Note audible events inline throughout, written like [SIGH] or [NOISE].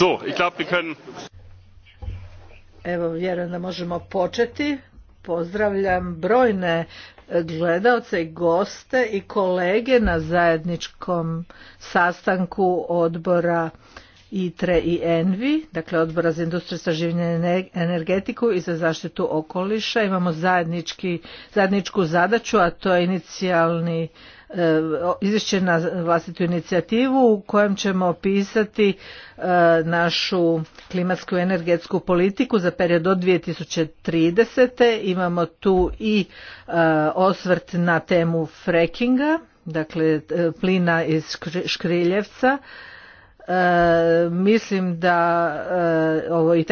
So, ich Evo, vjerujem da možemo početi. Pozdravljam brojne e, gledaoce i goste i kolege na zajedničkom sastanku odbora ITRE i ENVI, dakle odbora za industriju saživljenja i energetiku i za zaštitu okoliša. Imamo zajedničku zadaću, a to je inicijalni e, izvješće na vlastitu inicijativu u kojem ćemo opisati e, našu klimatsku i energetsku politiku za period od 2030. Imamo tu i e, osvrt na temu frekinga, dakle plina iz Škriljevca E, mislim da e, ovo i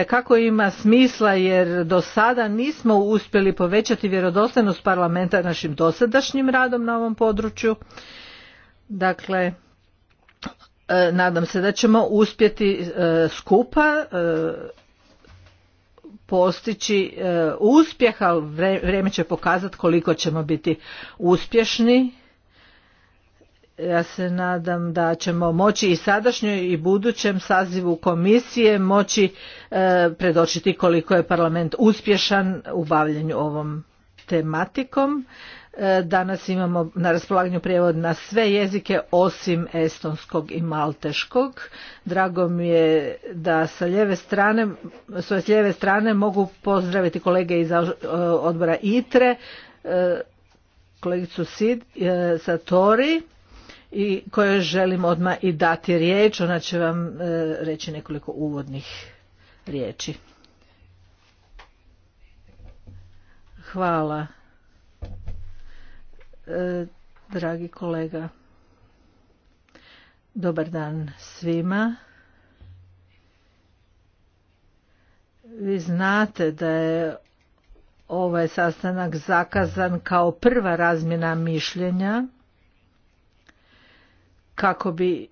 ima smisla jer do sada nismo uspjeli povećati vjerodostojnost parlamenta našim dosadašnjim radom na ovom području. Dakle, e, nadam se da ćemo uspjeti skupa postići uspjeh, ali vrijeme će pokazati koliko ćemo biti uspješni ja se nadam da ćemo moći i sadašnjoj i budućem sazivu komisije moći e, predočiti koliko je parlament uspješan u bavljenju ovom tematikom. E, danas imamo na raspolaganju prijevod na sve jezike osim estonskog i malteškog. Drago mi je da sa lijeve strane, s lijeve strane mogu pozdraviti kolege iz e, odbora ITRE, e, kolegicu Sid Satori i kojoj želim odmah i dati riječ. Ona će vam e, reći nekoliko uvodnih riječi. Hvala, e, dragi kolega. Dobar dan svima. Vi znate da je ovaj sastanak zakazan kao prva razmjena mišljenja kako bi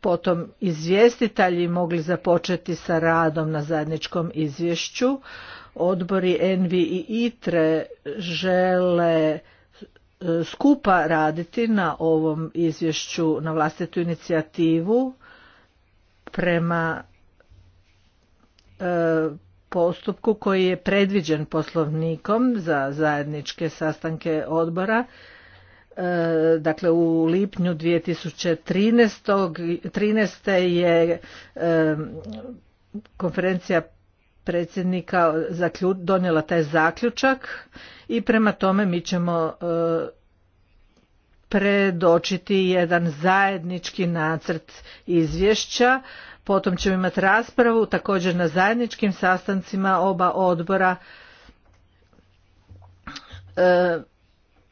potom izvjestitelji mogli započeti sa radom na zajedničkom izvješću. Odbori Envi i ITRE žele e, skupa raditi na ovom izvješću na vlastitu inicijativu prema e, postupku koji je predviđen poslovnikom za zajedničke sastanke odbora E, dakle u lipnju 2013. je e, konferencija predsjednika donijela taj zaključak i prema tome mi ćemo e, predočiti jedan zajednički nacrt izvješća. Potom ćemo imati raspravu također na zajedničkim sastancima oba odbora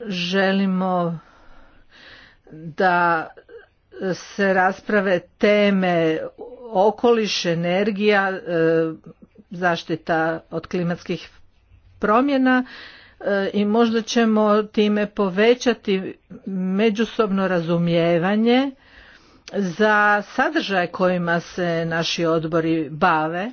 želimo da se rasprave teme okoliš, energija, e, zaštita od klimatskih promjena e, i možda ćemo time povećati međusobno razumijevanje za sadržaje kojima se naši odbori bave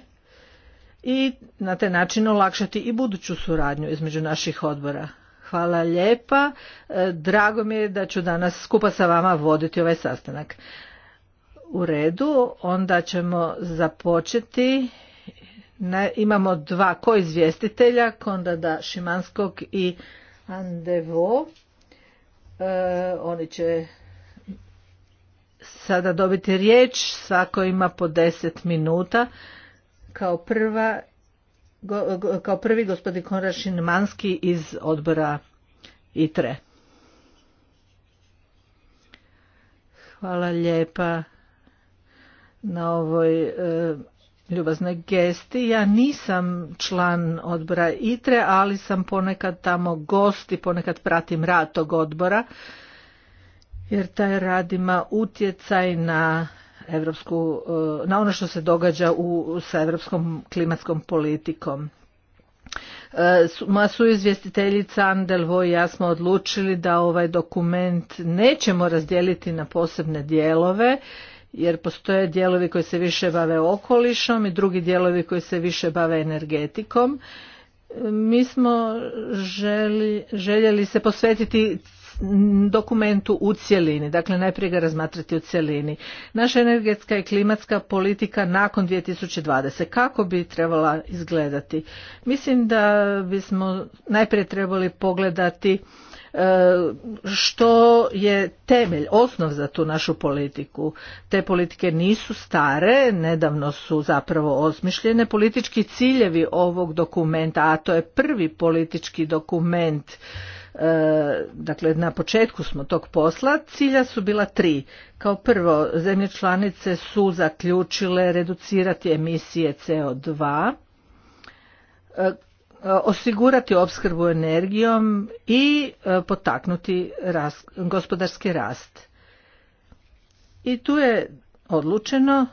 i na taj način olakšati i buduću suradnju između naših odbora. Hvala lijepa. E, drago mi je da ću danas skupa sa vama voditi ovaj sastanak. U redu, onda ćemo započeti. Imamo dva koizvjestitelja, Kondada Šimanskog i Andevo. E, oni će sada dobiti riječ, svako ima po deset minuta. Kao, prva, kao prvi gospodin Konrašin Manski iz odbora ITRE. Hvala lijepa na ovoj e, ljubaznoj gesti. Ja nisam član odbora ITRE, ali sam ponekad tamo gost i ponekad pratim rad tog odbora, jer taj rad ima utjecaj na Evropsku, e, na ono što se događa u, sa europskom klimatskom politikom. E, Moja izvjestiteljica Andelvo i ja smo odlučili da ovaj dokument nećemo razdijeliti na posebne dijelove jer postoje dijelovi koji se više bave okolišom i drugi dijelovi koji se više bave energetikom. E, mi smo željeli se posvetiti dokumentu u cjelini, dakle najprije ga razmatrati u cjelini. Naša energetska i klimatska politika nakon 2020. Kako bi trebala izgledati? Mislim da bismo najprije trebali pogledati e, što je temelj, osnov za tu našu politiku. Te politike nisu stare, nedavno su zapravo osmišljene. Politički ciljevi ovog dokumenta, a to je prvi politički dokument E, dakle na početku smo tog posla, cilja su bila tri. Kao prvo, zemlje članice su zaključile reducirati emisije CO2, e, osigurati opskrbu energijom i e, potaknuti gospodarski rast. I tu je odlučeno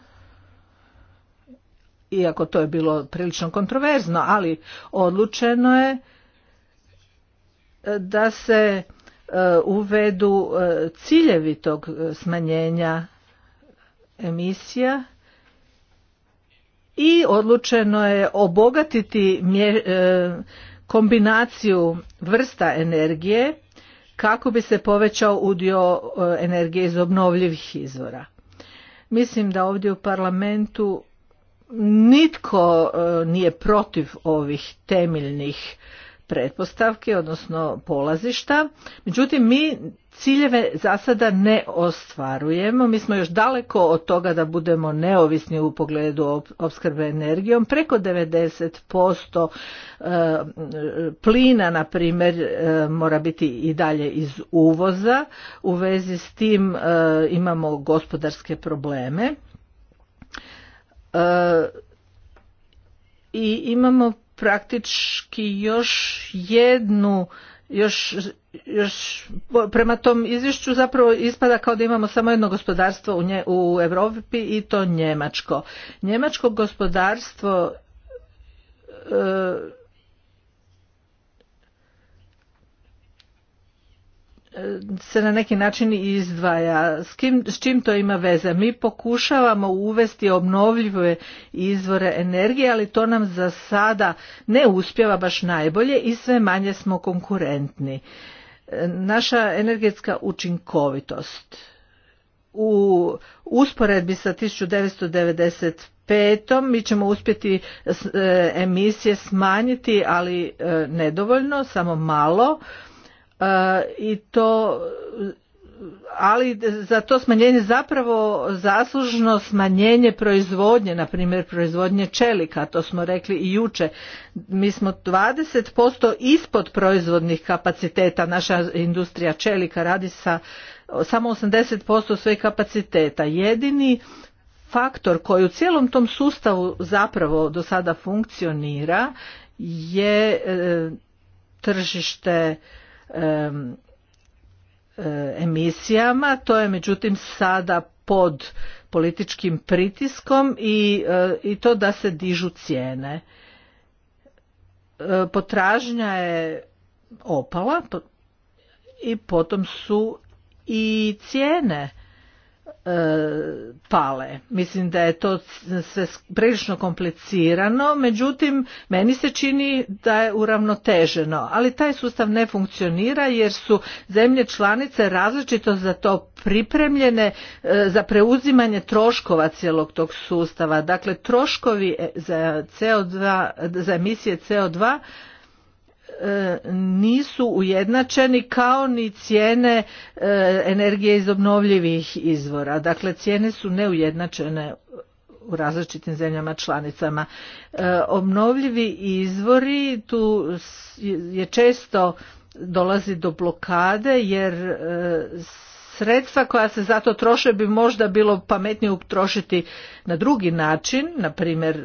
iako to je bilo prilično kontroverzno, ali odlučeno je da se e, uvedu e, ciljevi tog e, smanjenja emisija i odlučeno je obogatiti kombinaciju vrsta energije kako bi se povećao udio energije iz obnovljivih izvora. Mislim da ovdje u parlamentu nitko nije protiv ovih temeljnih pretpostavke, odnosno polazišta. Međutim, mi ciljeve za sada ne ostvarujemo. Mi smo još daleko od toga da budemo neovisni u pogledu opskrbe energijom. Preko 90% e, plina, na primjer, e, mora biti i dalje iz uvoza. U vezi s tim e, imamo gospodarske probleme. I imamo praktički još jednu još, još prema tom izvješću zapravo ispada kao da imamo samo jedno gospodarstvo u, u Europi i to njemačko. Njemačko gospodarstvo e, se na neki način izdvaja. S, kim, s čim to ima veze? Mi pokušavamo uvesti obnovljive izvore energije, ali to nam za sada ne uspjeva baš najbolje i sve manje smo konkurentni. Naša energetska učinkovitost u usporedbi sa 1995. mi ćemo uspjeti e, emisije smanjiti, ali e, nedovoljno, samo malo i to ali za to smanjenje zapravo zaslužno smanjenje proizvodnje, na primjer proizvodnje čelika, to smo rekli i juče. Mi smo 20% ispod proizvodnih kapaciteta, naša industrija čelika radi sa samo 80% svojih kapaciteta. Jedini faktor koji u cijelom tom sustavu zapravo do sada funkcionira je e, tržište Eh, emisijama to je međutim sada pod političkim pritiskom i, eh, i to da se dižu cijene eh, potražnja je opala i potom su i cijene E, pale. Mislim da je to sve prilično komplicirano, međutim meni se čini da je uravnoteženo, ali taj sustav ne funkcionira jer su zemlje članice različito za to pripremljene e, za preuzimanje troškova cijelog tog sustava. Dakle, troškovi e, za, CO2, za emisije CO2 E, nisu ujednačeni kao ni cijene e, energije iz obnovljivih izvora. Dakle, cijene su neujednačene u različitim zemljama članicama. E, obnovljivi izvori tu je često dolazi do blokade jer sredstva koja se zato to troše bi možda bilo pametnije utrošiti na drugi način, na primjer e,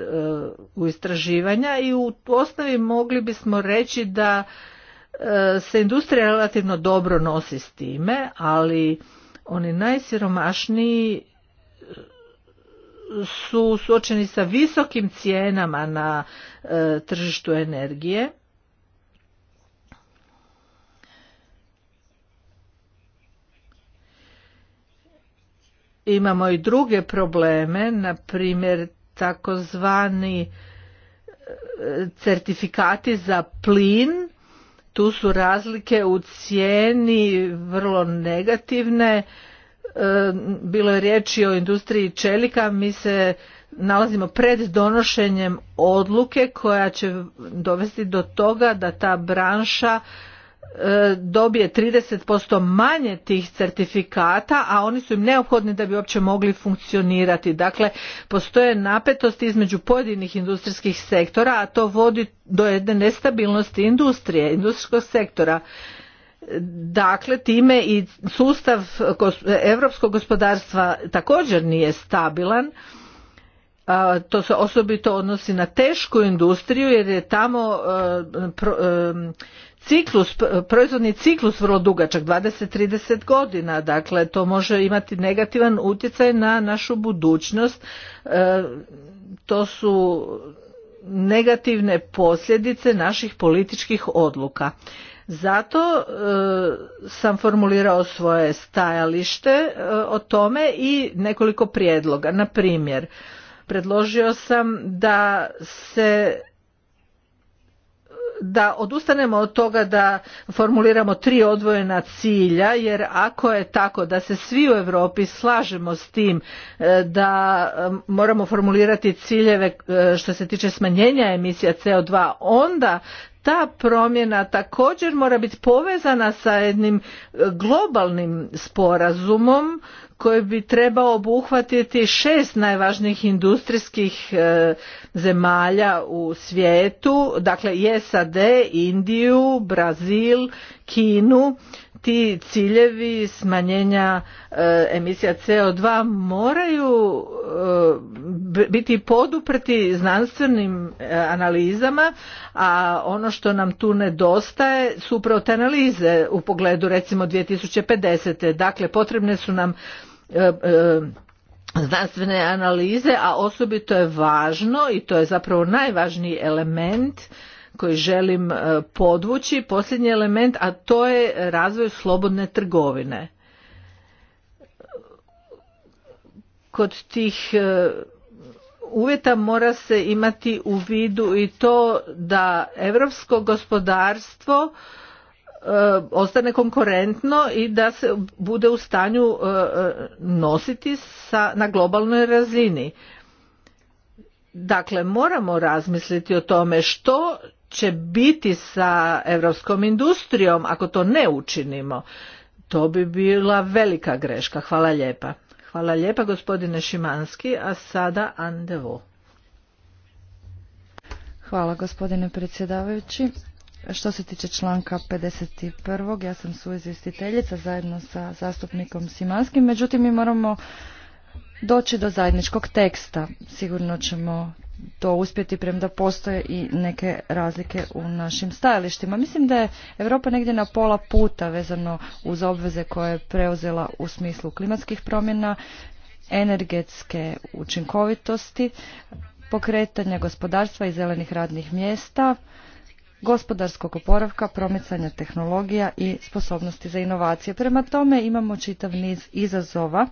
u istraživanja i u osnovi mogli bismo reći da e, se industrija relativno dobro nosi s time, ali oni najsiromašniji e, su suočeni sa visokim cijenama na tržištu energije imamo i druge probleme, na primjer takozvani e, certifikati za plin, tu su razlike u cijeni vrlo negativne. E, bilo je riječi o industriji čelika, mi se nalazimo pred donošenjem odluke koja će dovesti do toga da ta branša E, dobije 30% manje tih certifikata, a oni su im neophodni da bi uopće mogli funkcionirati. Dakle, postoje napetosti između pojedinih industrijskih sektora, a to vodi do jedne nestabilnosti industrije, industrijskog sektora. Dakle, time i sustav europskog gospodarstva također nije stabilan to se osobito odnosi na tešku industriju jer je tamo e, e, ciklus, proizvodni ciklus vrlo dugačak, 20-30 godina, dakle to može imati negativan utjecaj na našu budućnost. E, to su negativne posljedice naših političkih odluka. Zato e, sam formulirao svoje stajalište e, o tome i nekoliko prijedloga. Na primjer, predložio sam da se da odustanemo od toga da formuliramo tri odvojena cilja jer ako je tako da se svi u Europi slažemo s tim e, da e, moramo formulirati ciljeve e, što se tiče smanjenja emisija CO2 onda ta promjena također mora biti povezana sa jednim e, globalnim sporazumom koji bi trebao obuhvatiti šest najvažnijih industrijskih e, zemalja u svijetu, dakle SAD, Indiju, Brazil, Kinu ti ciljevi smanjenja e, emisija CO2 moraju e, biti poduprti znanstvenim e, analizama, a ono što nam tu nedostaje su upravo te analize u pogledu recimo 2050. Dakle, potrebne su nam znanstvene analize, a osobito je važno i to je zapravo najvažniji element koji želim e, podvući, posljednji element, a to je razvoj slobodne trgovine. Kod tih e, uvjeta mora se imati u vidu i to da europsko gospodarstvo e, ostane konkurentno i da se bude u stanju nositi sa, na globalnoj razini. Dakle, moramo razmisliti o tome što će biti sa europskom industrijom ako to ne učinimo. To bi bila velika greška. Hvala lijepa. Hvala lijepa gospodine Šimanski, a sada Andevo. Hvala gospodine predsjedavajući. Što se tiče članka 51. ja sam suizvjestiteljica zajedno sa zastupnikom Simanskim, međutim mi moramo doći do zajedničkog teksta. Sigurno ćemo to uspjeti, premda postoje i neke razlike u našim stajalištima. Mislim da je Europa negdje na pola puta vezano uz obveze koje je preuzela u smislu klimatskih promjena, energetske učinkovitosti, pokretanja gospodarstva i zelenih radnih mjesta, gospodarskog oporavka, promicanja tehnologija i sposobnosti za inovacije. Prema tome imamo čitav niz izazova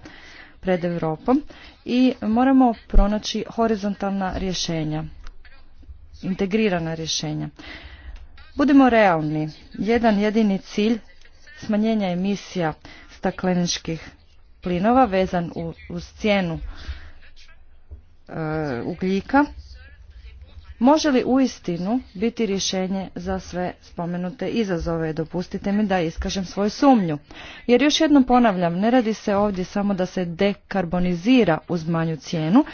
pred Europom i moramo pronaći horizontalna rješenja, integrirana rješenja. Budimo realni, jedan jedini cilj smanjenja emisija stakleničkih plinova vezan uz cijenu e, ugljika može li uistinu biti rješenje za sve spomenute izazove. Dopustite mi da iskažem svoju sumnju. Jer još jednom ponavljam, ne radi se ovdje samo da se dekarbonizira uz manju cijenu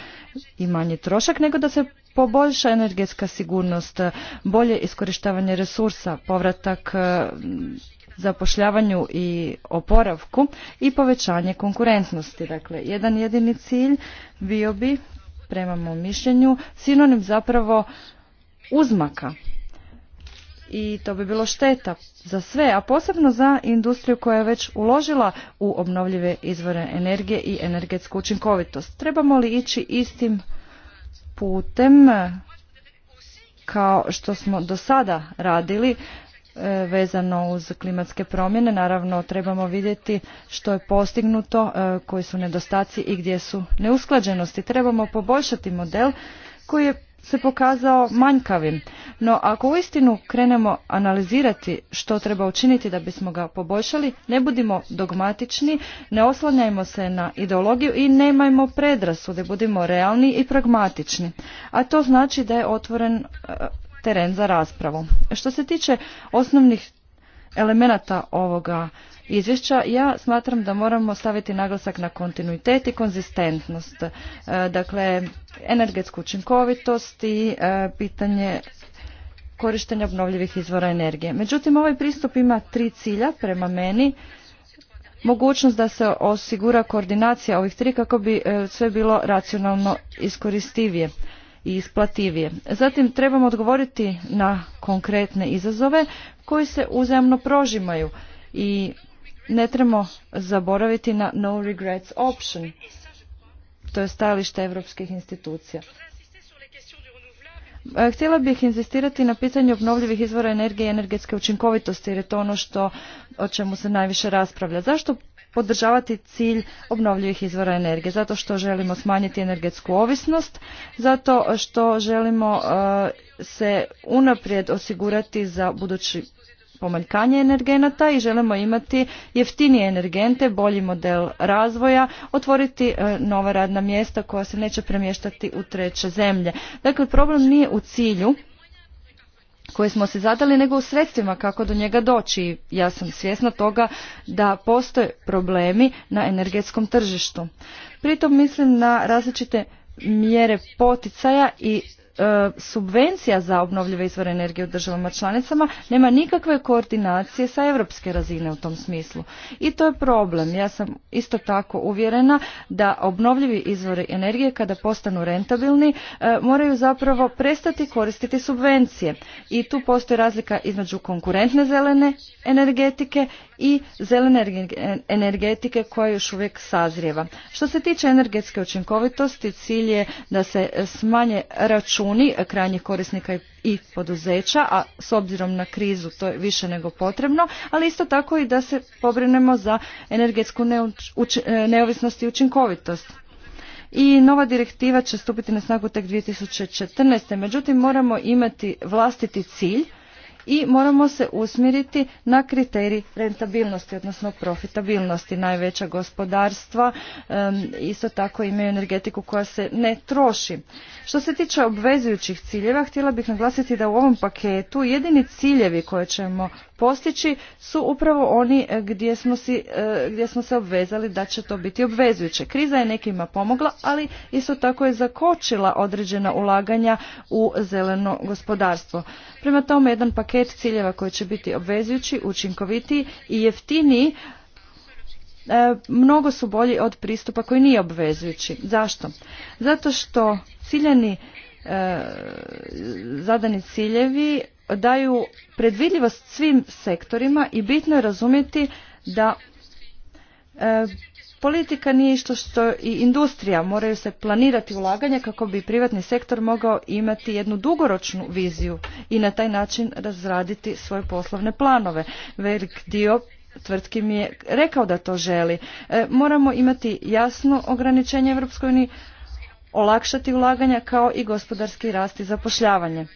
i manji trošak, nego da se poboljša energetska sigurnost, bolje iskorištavanje resursa, povratak e, zapošljavanju i oporavku i povećanje konkurentnosti. Dakle, jedan jedini cilj bio bi prema mom mišljenju sinonim zapravo uzmaka i to bi bilo šteta za sve, a posebno za industriju koja je već uložila u obnovljive izvore energije i energetsku učinkovitost. Trebamo li ići istim putem kao što smo do sada radili E, vezano uz klimatske promjene. Naravno, trebamo vidjeti što je postignuto, e, koji su nedostaci i gdje su neusklađenosti. Trebamo poboljšati model koji je se pokazao manjkavim. No, ako uistinu krenemo analizirati što treba učiniti da bismo ga poboljšali, ne budimo dogmatični, ne oslanjajmo se na ideologiju i nemajmo predrasude, budimo realni i pragmatični. A to znači da je otvoren e, teren za raspravu. Što se tiče osnovnih elemenata ovoga izvješća, ja smatram da moramo staviti naglasak na kontinuitet i konzistentnost. E, dakle, energetsku učinkovitost i e, pitanje korištenja obnovljivih izvora energije. Međutim, ovaj pristup ima tri cilja prema meni. Mogućnost da se osigura koordinacija ovih tri kako bi e, sve bilo racionalno iskoristivije i isplativije. Zatim trebamo odgovoriti na konkretne izazove koji se uzajamno prožimaju i ne trebamo zaboraviti na no regrets option. To je stajalište europskih institucija. E, htjela bih insistirati na pitanju obnovljivih izvora energije i energetske učinkovitosti jer je to ono što o čemu se najviše raspravlja. Zašto podržavati cilj obnovljivih izvora energije, zato što želimo smanjiti energetsku ovisnost, zato što želimo e, se unaprijed osigurati za budući pomaljkanje energenata i želimo imati jeftinije energente, bolji model razvoja, otvoriti e, nova radna mjesta koja se neće premještati u treće zemlje. Dakle, problem nije u cilju koje smo se zadali, nego u sredstvima kako do njega doći. Ja sam svjesna toga da postoje problemi na energetskom tržištu. Pritom mislim na različite mjere poticaja i E, subvencija za obnovljive izvore energije u državama članicama nema nikakve koordinacije sa europske razine u tom smislu. I to je problem. Ja sam isto tako uvjerena da obnovljivi izvori energije kada postanu rentabilni e, moraju zapravo prestati koristiti subvencije. I tu postoji razlika između konkurentne zelene energetike i zelene energetike koja još uvijek sazrijeva. Što se tiče energetske učinkovitosti, cilj je da se smanje račun računi e, krajnjih korisnika i poduzeća, a s obzirom na krizu to je više nego potrebno, ali isto tako i da se pobrinemo za energetsku e, neovisnost i učinkovitost. I nova direktiva će stupiti na snagu tek 2014. Međutim, moramo imati vlastiti cilj i moramo se usmjeriti na kriterij rentabilnosti, odnosno profitabilnosti. Najveća gospodarstva isto tako imaju energetiku koja se ne troši. Što se tiče obvezujućih ciljeva, htjela bih naglasiti da u ovom paketu jedini ciljevi koje ćemo postići su upravo oni e, gdje smo, e, gdje smo se obvezali da će to biti obvezujuće. Kriza je nekima pomogla, ali isto tako je zakočila određena ulaganja u zeleno gospodarstvo. Prema tome, jedan paket paket ciljeva koji će biti obvezujući, učinkovitiji i jeftiniji e, mnogo su bolji od pristupa koji nije obvezujući. Zašto? Zato što ciljani e, zadani ciljevi daju predvidljivost svim sektorima i bitno je razumjeti da e, Politika nije isto što i industrija, moraju se planirati ulaganja kako bi privatni sektor mogao imati jednu dugoročnu viziju i na taj način razraditi svoje poslovne planove. Velik dio tvrtki mi je rekao da to želi. E, moramo imati jasno ograničenje Europskoj uniji, olakšati ulaganja kao i gospodarski rast i zapošljavanje.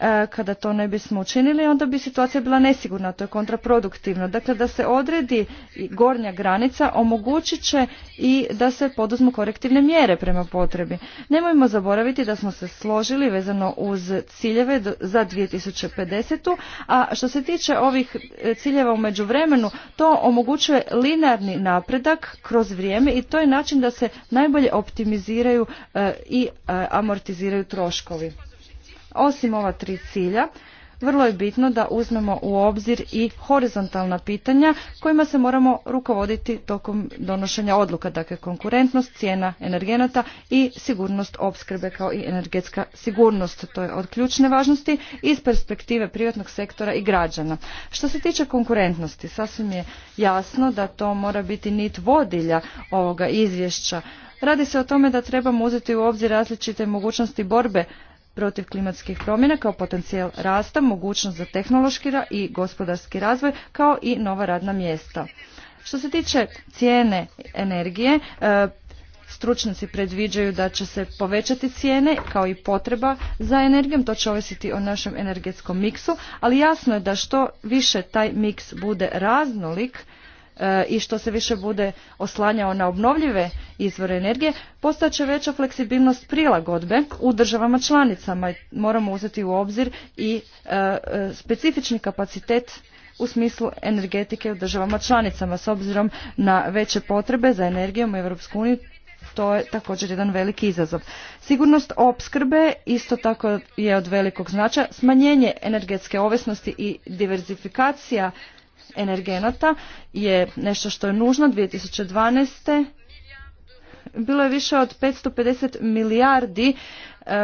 E, kada to ne bismo učinili, onda bi situacija bila nesigurna, to je kontraproduktivno. Dakle, da se odredi gornja granica omogućit će i da se poduzmu korektivne mjere prema potrebi. Nemojmo zaboraviti da smo se složili vezano uz ciljeve za 2050. A što se tiče ovih e, ciljeva u međuvremenu, to omogućuje linearni napredak kroz vrijeme i to je način da se najbolje optimiziraju e, i amortiziraju troškovi. Osim ova tri cilja, vrlo je bitno da uzmemo u obzir i horizontalna pitanja kojima se moramo rukovoditi tokom donošenja odluka, dakle konkurentnost, cijena energenata i sigurnost opskrbe kao i energetska sigurnost. To je od ključne važnosti iz perspektive privatnog sektora i građana. Što se tiče konkurentnosti, sasvim je jasno da to mora biti nit vodilja ovoga izvješća. Radi se o tome da trebamo uzeti u obzir različite mogućnosti borbe protiv klimatskih promjena kao potencijal rasta, mogućnost za tehnološki i gospodarski razvoj kao i nova radna mjesta. Što se tiče cijene energije, e, stručnjaci predviđaju da će se povećati cijene kao i potreba za energijom, to će ovisiti o našem energetskom miksu, ali jasno je da što više taj miks bude raznolik, E, i što se više bude oslanjao na obnovljive izvore energije, postaće veća fleksibilnost prilagodbe u državama članicama. Moramo uzeti u obzir i e, e, specifični kapacitet u smislu energetike u državama članicama. S obzirom na veće potrebe za energijom u EU, to je također jedan veliki izazov. Sigurnost opskrbe isto tako je od velikog značaja. Smanjenje energetske ovisnosti i diverzifikacija energenata je nešto što je nužno. 2012. bilo je više od 550 milijardi e,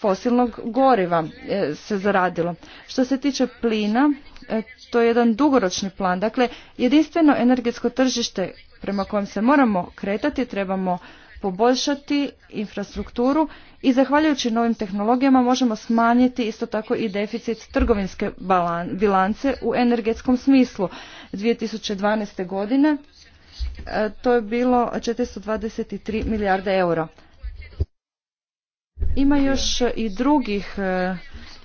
fosilnog goriva e, se zaradilo. Što se tiče plina, e, to je jedan dugoročni plan. Dakle, jedinstveno energetsko tržište prema kojem se moramo kretati, trebamo poboljšati infrastrukturu i zahvaljujući novim tehnologijama možemo smanjiti isto tako i deficit trgovinske bilance u energetskom smislu. 2012. godine e, to je bilo 423 milijarde eura. Ima još i drugih e,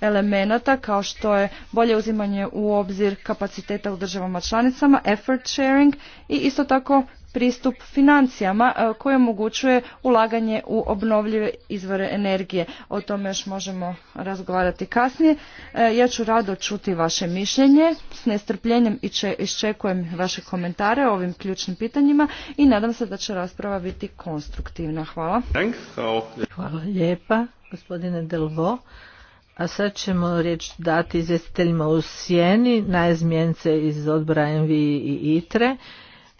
elemenata kao što je bolje uzimanje u obzir kapaciteta u državama članicama, effort sharing i isto tako pristup financijama e, koji omogućuje ulaganje u obnovljive izvore energije. O tome još možemo razgovarati kasnije. E, ja ću rado čuti vaše mišljenje. S nestrpljenjem iščekujem vaše komentare o ovim ključnim pitanjima i nadam se da će rasprava biti konstruktivna. Hvala. Hvala lijepa, gospodine Delvo. A sad ćemo riječ dati izvjestiteljima u Sjeni, najzmijence iz odbora MVI i ITRE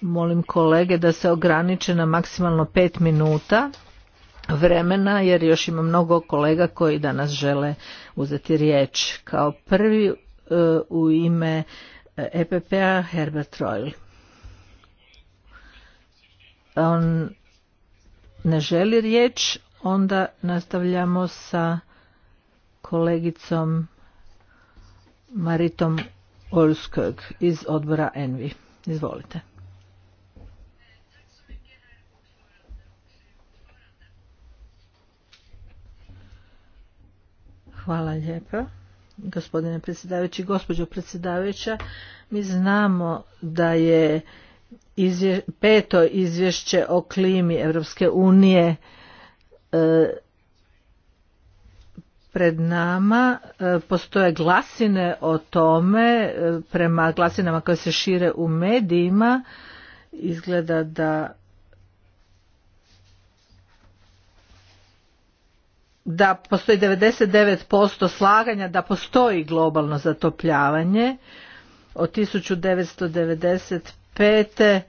molim kolege da se ograniče na maksimalno pet minuta vremena jer još ima mnogo kolega koji danas žele uzeti riječ. Kao prvi e, u ime EPP-a e Herbert Royle. On ne želi riječ, onda nastavljamo sa kolegicom Maritom Olskog iz odbora Envi. Izvolite. Hvala lijepa. Gospodine predsjedavajući, gospođo predsjedavajuća, mi znamo da je izvje, peto izvješće o klimi Europske unije e, pred nama e, postoje glasine o tome e, prema glasinama koje se šire u medijima izgleda da da postoji 99% slaganja da postoji globalno zatopljavanje od 1995. E,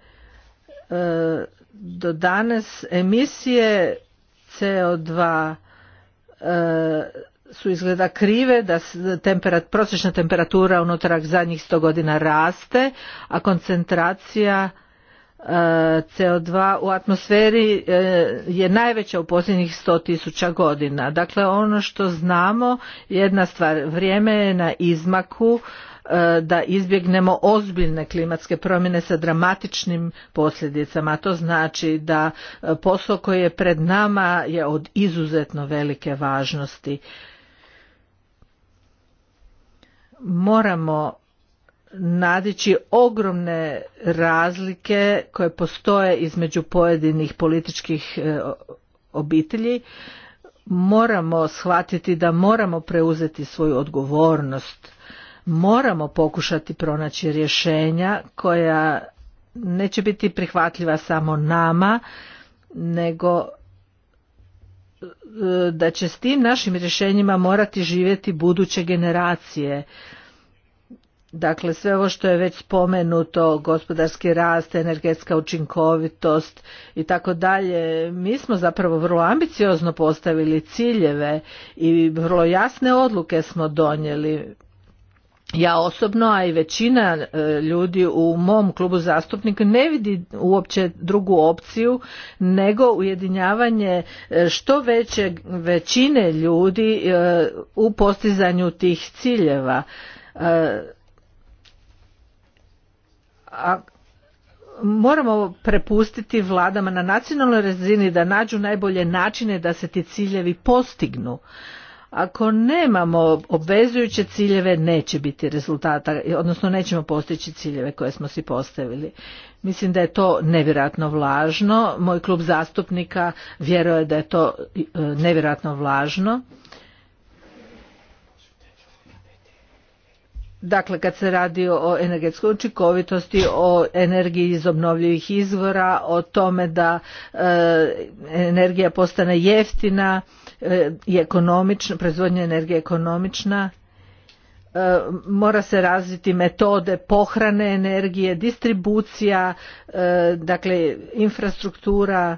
do danas emisije CO2 e, su izgleda krive da temperat, prosječna temperatura unutar zadnjih 100 godina raste a koncentracija E, CO2 u atmosferi e, je najveća u posljednjih 100.000 godina. Dakle, ono što znamo, jedna stvar, vrijeme je na izmaku e, da izbjegnemo ozbiljne klimatske promjene sa dramatičnim posljedicama. to znači da posao koji je pred nama je od izuzetno velike važnosti. Moramo nadići ogromne razlike koje postoje između pojedinih političkih e, obitelji moramo shvatiti da moramo preuzeti svoju odgovornost moramo pokušati pronaći rješenja koja neće biti prihvatljiva samo nama nego e, da će s tim našim rješenjima morati živjeti buduće generacije Dakle, sve ovo što je već spomenuto, gospodarski rast, energetska učinkovitost i tako dalje, mi smo zapravo vrlo ambiciozno postavili ciljeve i vrlo jasne odluke smo donijeli. Ja osobno, a i većina e, ljudi u mom klubu zastupnika ne vidi uopće drugu opciju nego ujedinjavanje e, što veće većine ljudi e, u postizanju tih ciljeva a moramo prepustiti vladama na nacionalnoj razini da nađu najbolje načine da se ti ciljevi postignu ako nemamo obvezujuće ciljeve neće biti rezultata odnosno nećemo postići ciljeve koje smo si postavili mislim da je to nevjerojatno vlažno. moj klub zastupnika vjeruje da je to e, nevjerojatno vlažno. Dakle, kad se radi o energetskoj učinkovitosti, o energiji iz obnovljivih izvora, o tome da e, energija postane jeftina e, i ekonomična, proizvodnja energije ekonomična, e, mora se razviti metode pohrane energije, distribucija, dakle infrastruktura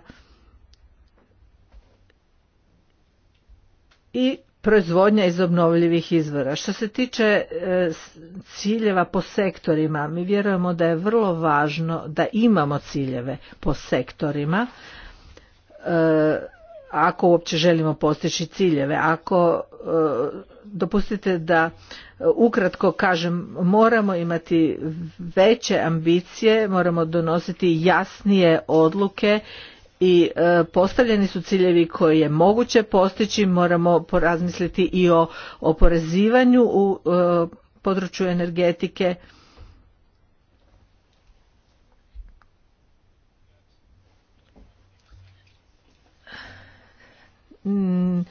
i proizvodnja iz obnovljivih izvora. Što se tiče e, ciljeva po sektorima, mi vjerujemo da je vrlo važno da imamo ciljeve po sektorima, e, ako uopće želimo postići ciljeve. Ako e, dopustite da ukratko kažem, moramo imati veće ambicije, moramo donositi jasnije odluke i e, postavljeni su ciljevi koje je moguće postići moramo porazmisliti i o oporezivanju u e, području energetike mm,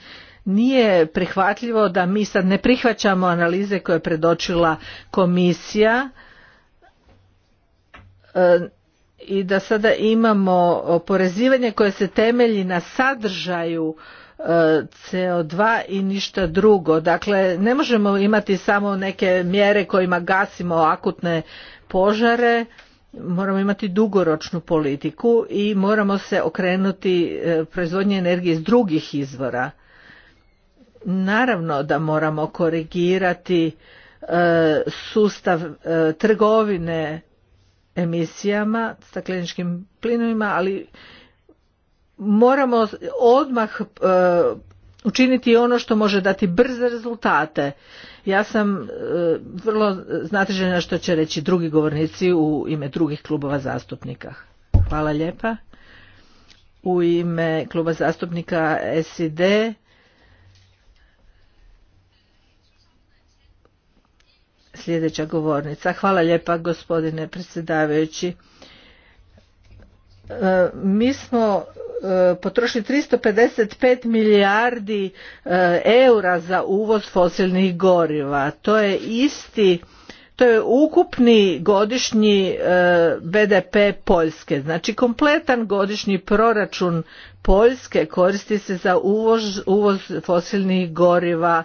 nije prihvatljivo da mi sad ne prihvaćamo analize koje je predočila komisija e, i da sada imamo oporezivanje koje se temelji na sadržaju e, CO2 i ništa drugo. Dakle, ne možemo imati samo neke mjere kojima gasimo akutne požare, moramo imati dugoročnu politiku i moramo se okrenuti e, proizvodnje energije iz drugih izvora. Naravno da moramo korigirati e, sustav trgovine emisijama, stakleničkim plinovima, ali moramo odmah e, učiniti ono što može dati brze rezultate. Ja sam e, vrlo znatižena što će reći drugi govornici u ime drugih klubova zastupnika. Hvala lijepa. U ime kluba zastupnika SID sljedeća govornica. Hvala lijepa gospodine predsjedavajući. E, mi smo e, potrošili 355 milijardi e, eura za uvoz fosilnih goriva. To je isti to je ukupni godišnji BDP Poljske. Znači kompletan godišnji proračun Poljske koristi se za uvoz fosilnih goriva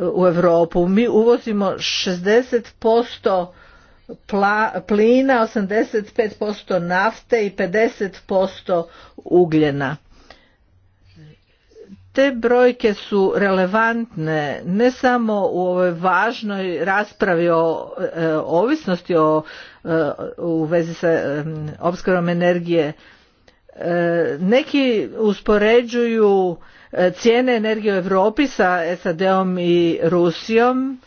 u Europu. Mi uvozimo 60% pla, plina, 85% nafte i 50% ugljena. Te brojke su relevantne ne samo u ovoj važnoj raspravi o e, ovisnosti o, e, u vezi sa e, opskrbom energije. Neki uspoređuju E, cijene energije u Europi sa SAD-om i Rusijom.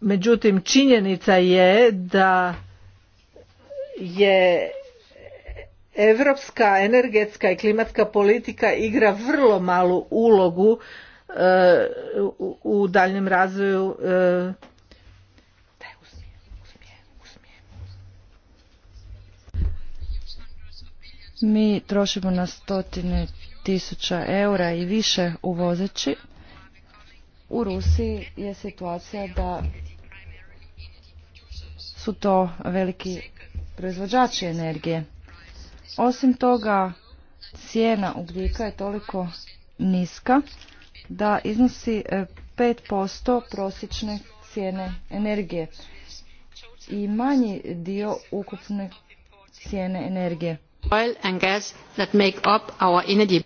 Međutim, činjenica je da je europska energetska i klimatska politika igra vrlo malu ulogu e, u daljnjem razvoju e, Mi trošimo na stotine tisuća eura i više uvozeći. U Rusiji je situacija da su to veliki proizvođači energije. Osim toga, cijena ugljika je toliko niska da iznosi 5% e, prosječne cijene energije i manji dio ukupne cijene energije. Oil and gas that make up our energy.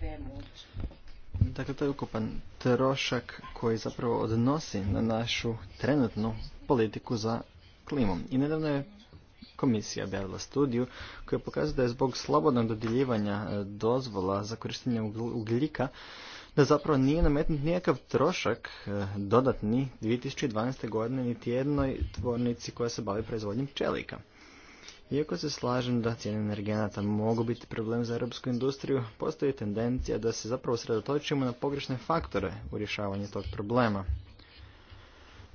Dakle, to je ukupan trošak koji zapravo odnosi na našu trenutnu politiku za klimom. I nedavno je komisija objavila studiju koja pokazuje da je zbog slobodnog dodjeljivanja e, dozvola za korištenje ugljika da zapravo nije nametnut nijakav trošak e, dodatni 2012. godine niti jednoj tvornici koja se bavi proizvodnjom čelika. Iako se slažem da cijene energenata mogu biti problem za europsku industriju, postoji tendencija da se zapravo sredotočimo na pogrešne faktore u rješavanju tog problema.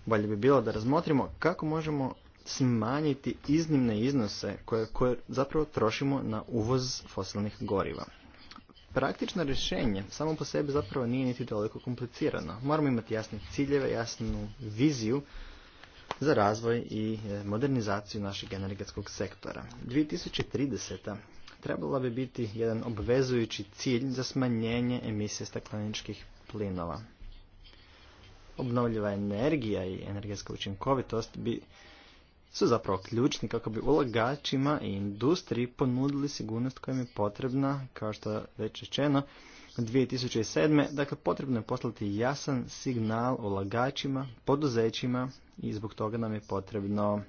Bolje bi bilo da razmotrimo kako možemo smanjiti iznimne iznose koje, koje zapravo trošimo na uvoz fosilnih goriva. Praktično rješenje samo po sebi zapravo nije niti toliko komplicirano. Moramo imati jasne ciljeve, jasnu viziju za razvoj i e, modernizaciju našeg energetskog sektora. 2030. trebala bi biti jedan obvezujući cilj za smanjenje emisije stakleničkih plinova. Obnovljiva energija i energetska učinkovitost bi su zapravo ključni kako bi ulagačima i industriji ponudili sigurnost koja je potrebna, kao što je već rečeno, 2007. Dakle, potrebno je poslati jasan signal lagačima, poduzećima i zbog toga nam je potrebno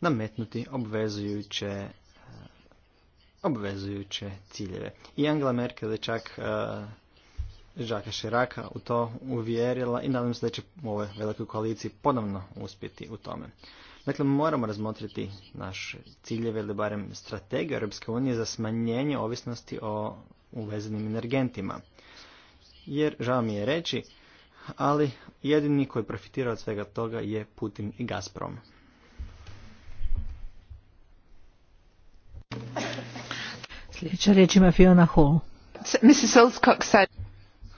nametnuti obvezujuće e, obvezujuće ciljeve. I Angela Merkel je čak Žaka e, Širaka u to uvjerila i nadam se da će u ovoj velikoj koaliciji ponovno uspjeti u tome. Dakle, moramo razmotriti naše ciljeve ili barem strategiju Europske unije za smanjenje ovisnosti o uvezenim energentima. Jer, žao mi je reći, ali jedini koji profitira od svega toga je Putin i Gazprom. Sljedeća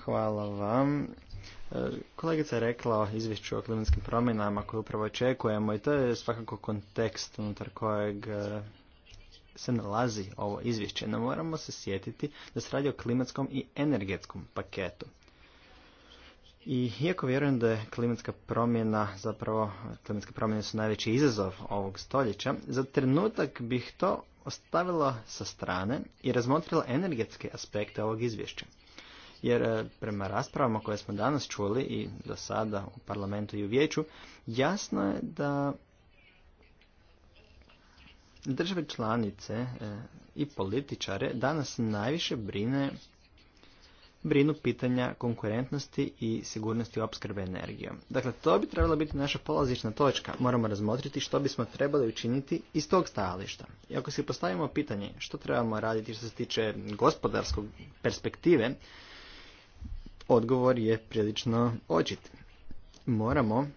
Hvala vam. Kolegica je rekla o izvješću o klimatskim promjenama koje upravo očekujemo i to je svakako kontekst unutar kojeg e, se nalazi ovo izvješće. No moramo se sjetiti da se radi o klimatskom i energetskom paketu. I iako vjerujem da je klimatska promjena, zapravo klimatske promjene su najveći izazov ovog stoljeća, za trenutak bih to ostavila sa strane i razmotrila energetske aspekte ovog izvješća jer e, prema raspravama koje smo danas čuli i do sada u parlamentu i u vijeću, jasno je da države članice e, i političare danas najviše brine brinu pitanja konkurentnosti i sigurnosti opskrbe energijom. Dakle, to bi trebala biti naša polazična točka. Moramo razmotriti što bismo trebali učiniti iz tog stajališta. I ako si postavimo pitanje što trebamo raditi što se tiče gospodarskog perspektive, odgovor je prilično očit. Moramo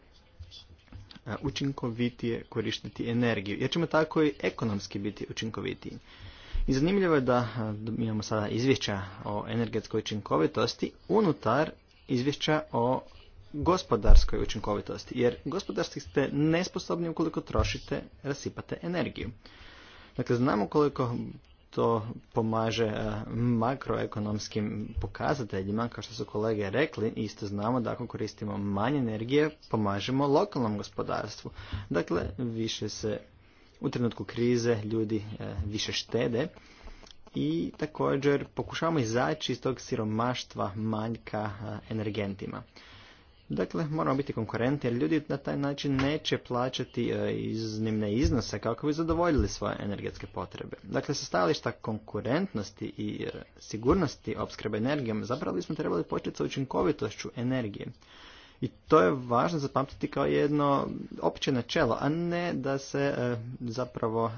e, učinkovitije koristiti energiju, jer ćemo tako i ekonomski biti učinkovitiji. I zanimljivo je da e, imamo sada izvješća o energetskoj učinkovitosti unutar izvješća o gospodarskoj učinkovitosti, jer gospodarski ste nesposobni ukoliko trošite, rasipate energiju. Dakle, znamo koliko to pomaže e, makroekonomskim pokazateljima, kao što su kolege rekli, isto znamo da ako koristimo manje energije, pomažemo lokalnom gospodarstvu. Dakle, više se u trenutku krize ljudi e, više štede i također pokušavamo izaći iz tog siromaštva manjka e, energentima. Dakle, moramo biti konkurentni jer ljudi na taj način neće plaćati e, iznimne iznose kako bi zadovoljili svoje energetske potrebe. Dakle, sa stajališta konkurentnosti i e, sigurnosti opskrbe energijom zapravo smo trebali početi sa učinkovitošću energije. I to je važno zapamtiti kao jedno opće načelo, a ne da se e, zapravo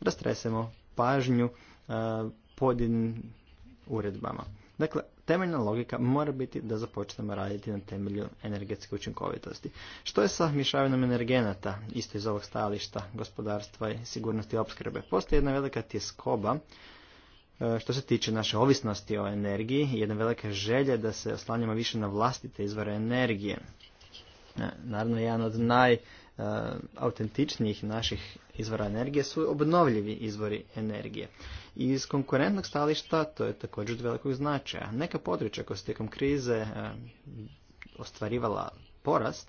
rastresemo pažnju pod uredbama. Dakle, temeljna logika mora biti da započnemo raditi na temelju energetske učinkovitosti. Što je sa mišavinom energenata, isto iz ovog stajališta gospodarstva i sigurnosti opskrbe? Postoji jedna velika tjeskoba e, što se tiče naše ovisnosti o energiji, jedna velika želja da se oslanjamo više na vlastite izvore energije. E, naravno, jedan od najautentičnijih e, naših izvora energije su obnovljivi izvori energije. I iz konkurentnog stališta to je također od velikog značaja. Neka područja koja su tijekom krize eh, ostvarivala porast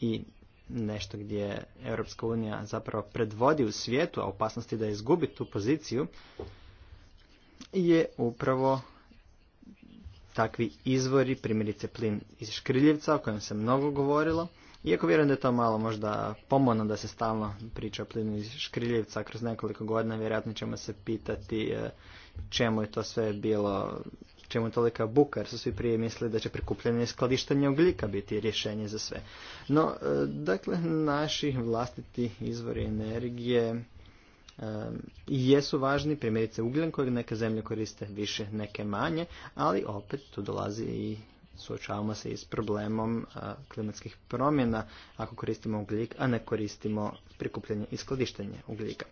i nešto gdje Europska unija zapravo predvodi u svijetu, a opasnosti da izgubi tu poziciju, je upravo takvi izvori, primjerice plin iz Škriljevca, o kojem se mnogo govorilo, iako vjerujem da je to malo možda pomodno da se stalno priča o plinu iz Škriljevca kroz nekoliko godina, vjerojatno ćemo se pitati e, čemu je to sve bilo, čemu je tolika buka, jer su svi prije mislili da će prikupljanje skladištenje ugljika biti rješenje za sve. No, e, dakle, naši vlastiti izvori energije i e, jesu važni, primjerice ugljen kojeg neke zemlje koriste više, neke manje, ali opet tu dolazi i suočavamo se i s problemom klimatskih promjena ako koristimo ugljik, a ne koristimo prikupljenje i skladištenje ugljika.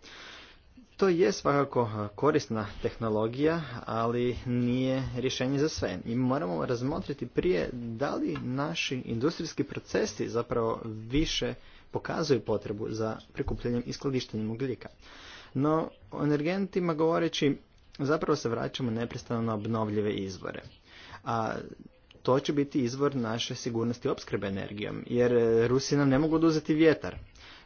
To je svakako korisna tehnologija, ali nije rješenje za sve. I moramo razmotriti prije da li naši industrijski procesi zapravo više pokazuju potrebu za prikupljanjem i skladištenjem ugljika. No, o energentima govoreći, zapravo se vraćamo neprestano na obnovljive izvore. A to će biti izvor naše sigurnosti opskrbe energijom, jer e, Rusi nam ne mogu oduzeti vjetar.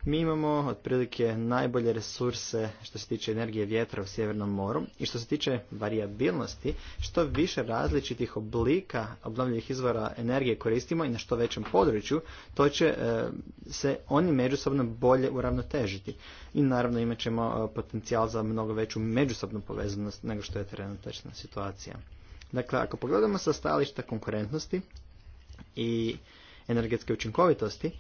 Mi imamo otprilike najbolje resurse što se tiče energije vjetra u Sjevernom moru i što se tiče varijabilnosti, što više različitih oblika obnovljivih izvora energije koristimo i na što većem području, to će e, se oni međusobno bolje uravnotežiti. I naravno imat ćemo e, potencijal za mnogo veću međusobnu povezanost nego što je trenutačna situacija. Dakle, ako pogledamo sa stajališta konkurentnosti i energetske učinkovitosti,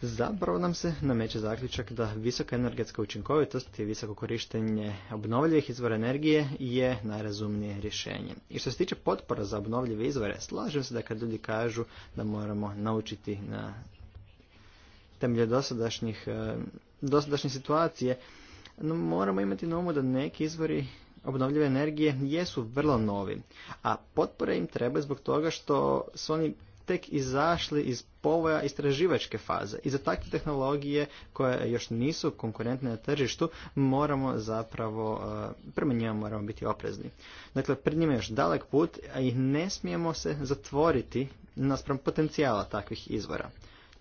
zapravo nam se nameće zaključak da visoka energetska učinkovitost i visoko korištenje obnovljivih izvora energije je najrazumnije rješenje. I što se tiče potpora za obnovljive izvore, slažem se da kad ljudi kažu da moramo naučiti na temelju dosadašnjih, eh, situacije, no moramo imati na umu da neki izvori obnovljive energije jesu vrlo novi, a potpore im treba zbog toga što su oni tek izašli iz povoja istraživačke faze. I za takve tehnologije koje još nisu konkurentne na tržištu moramo zapravo, eh, prema njima moramo biti oprezni. Dakle, pred njima još dalek put, a i ne smijemo se zatvoriti naspram potencijala takvih izvora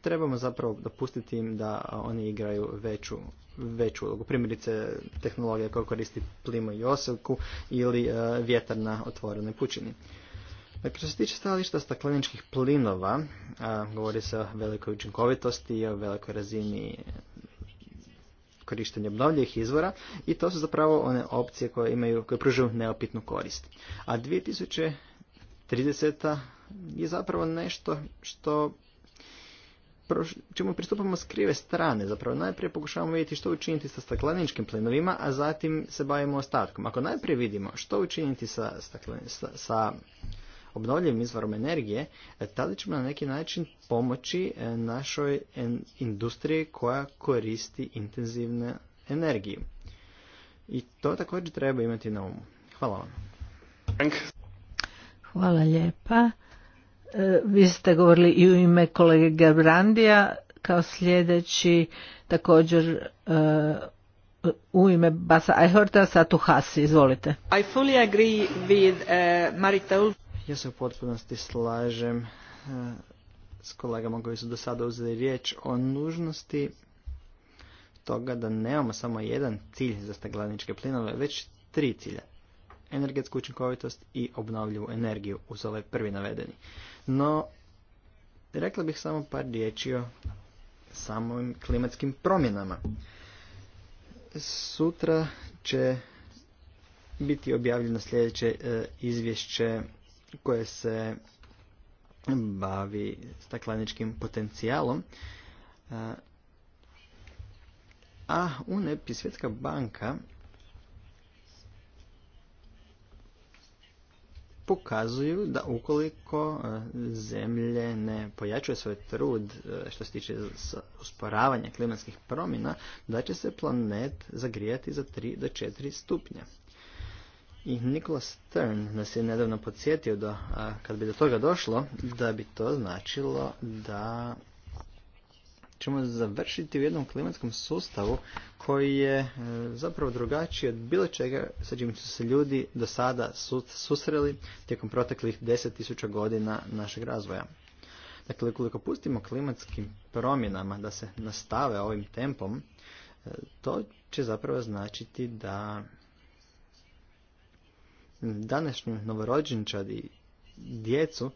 trebamo zapravo dopustiti im da oni igraju veću, veću ulogu. Primjerice tehnologija koja koristi plimu i osilku ili e, vjetar na otvorenoj pućini. Dakle, što se tiče stajališta stakleničkih plinova, govori se o velikoj učinkovitosti i o velikoj razini e, korištenja obnovljivih izvora i to su zapravo one opcije koje imaju, koje pružaju neopitnu korist. A 2030. je zapravo nešto što čemu pristupamo s krive strane. Zapravo najprije pokušavamo vidjeti što učiniti sa stakleničkim plinovima, a zatim se bavimo ostatkom. Ako najprije vidimo što učiniti sa, sa, sa obnovljivim izvorom energije, tada ćemo na neki način pomoći e, našoj industriji koja koristi intenzivnu energiju. I to također treba imati na umu. Hvala vam. Hvala lijepa. E, vi ste govorili i u ime kolege Gerbrandija kao sljedeći također e, u ime Basa Ajhorta Satu Hasi. Izvolite. E, ja se u potpunosti slažem s kolegama koji su do sada uzeli riječ o nužnosti toga da nemamo samo jedan cilj za stakleničke plinove, već tri cilja energetsku učinkovitost i obnovljivu energiju uz ovaj prvi navedeni. No, rekla bih samo par riječi o samim klimatskim promjenama. Sutra će biti objavljeno sljedeće e, izvješće koje se bavi stakleničkim potencijalom. E, a UNEP i Svjetska banka pokazuju da ukoliko e, zemlje ne pojačuje svoj trud e, što se tiče usporavanja klimatskih promjena, da će se planet zagrijati za 3 do 4 stupnja. I Nikola Stern nas je nedavno podsjetio da kad bi do toga došlo, da bi to značilo da ćemo završiti u jednom klimatskom sustavu koji je e, zapravo drugačiji od bilo čega sa čim su se ljudi do sada susreli tijekom proteklih tisuća godina našeg razvoja. Dakle, ukoliko pustimo klimatskim promjenama da se nastave ovim tempom, e, to će zapravo značiti da današnju novorođenčad i djecu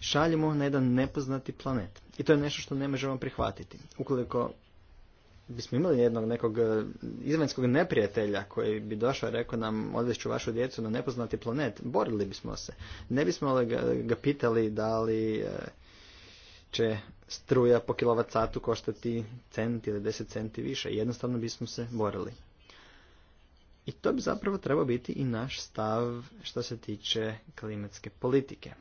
šaljemo na jedan nepoznati planet. I to je nešto što ne možemo prihvatiti. Ukoliko bismo imali jednog nekog e, izvanjskog neprijatelja koji bi došao i rekao nam odvešću vašu djecu na nepoznati planet, borili bismo se. Ne bismo ga, ga pitali da li e, će struja po kilovat satu koštati cent ili deset centi više. Jednostavno bismo se borili. I to bi zapravo trebao biti i naš stav što se tiče klimatske politike.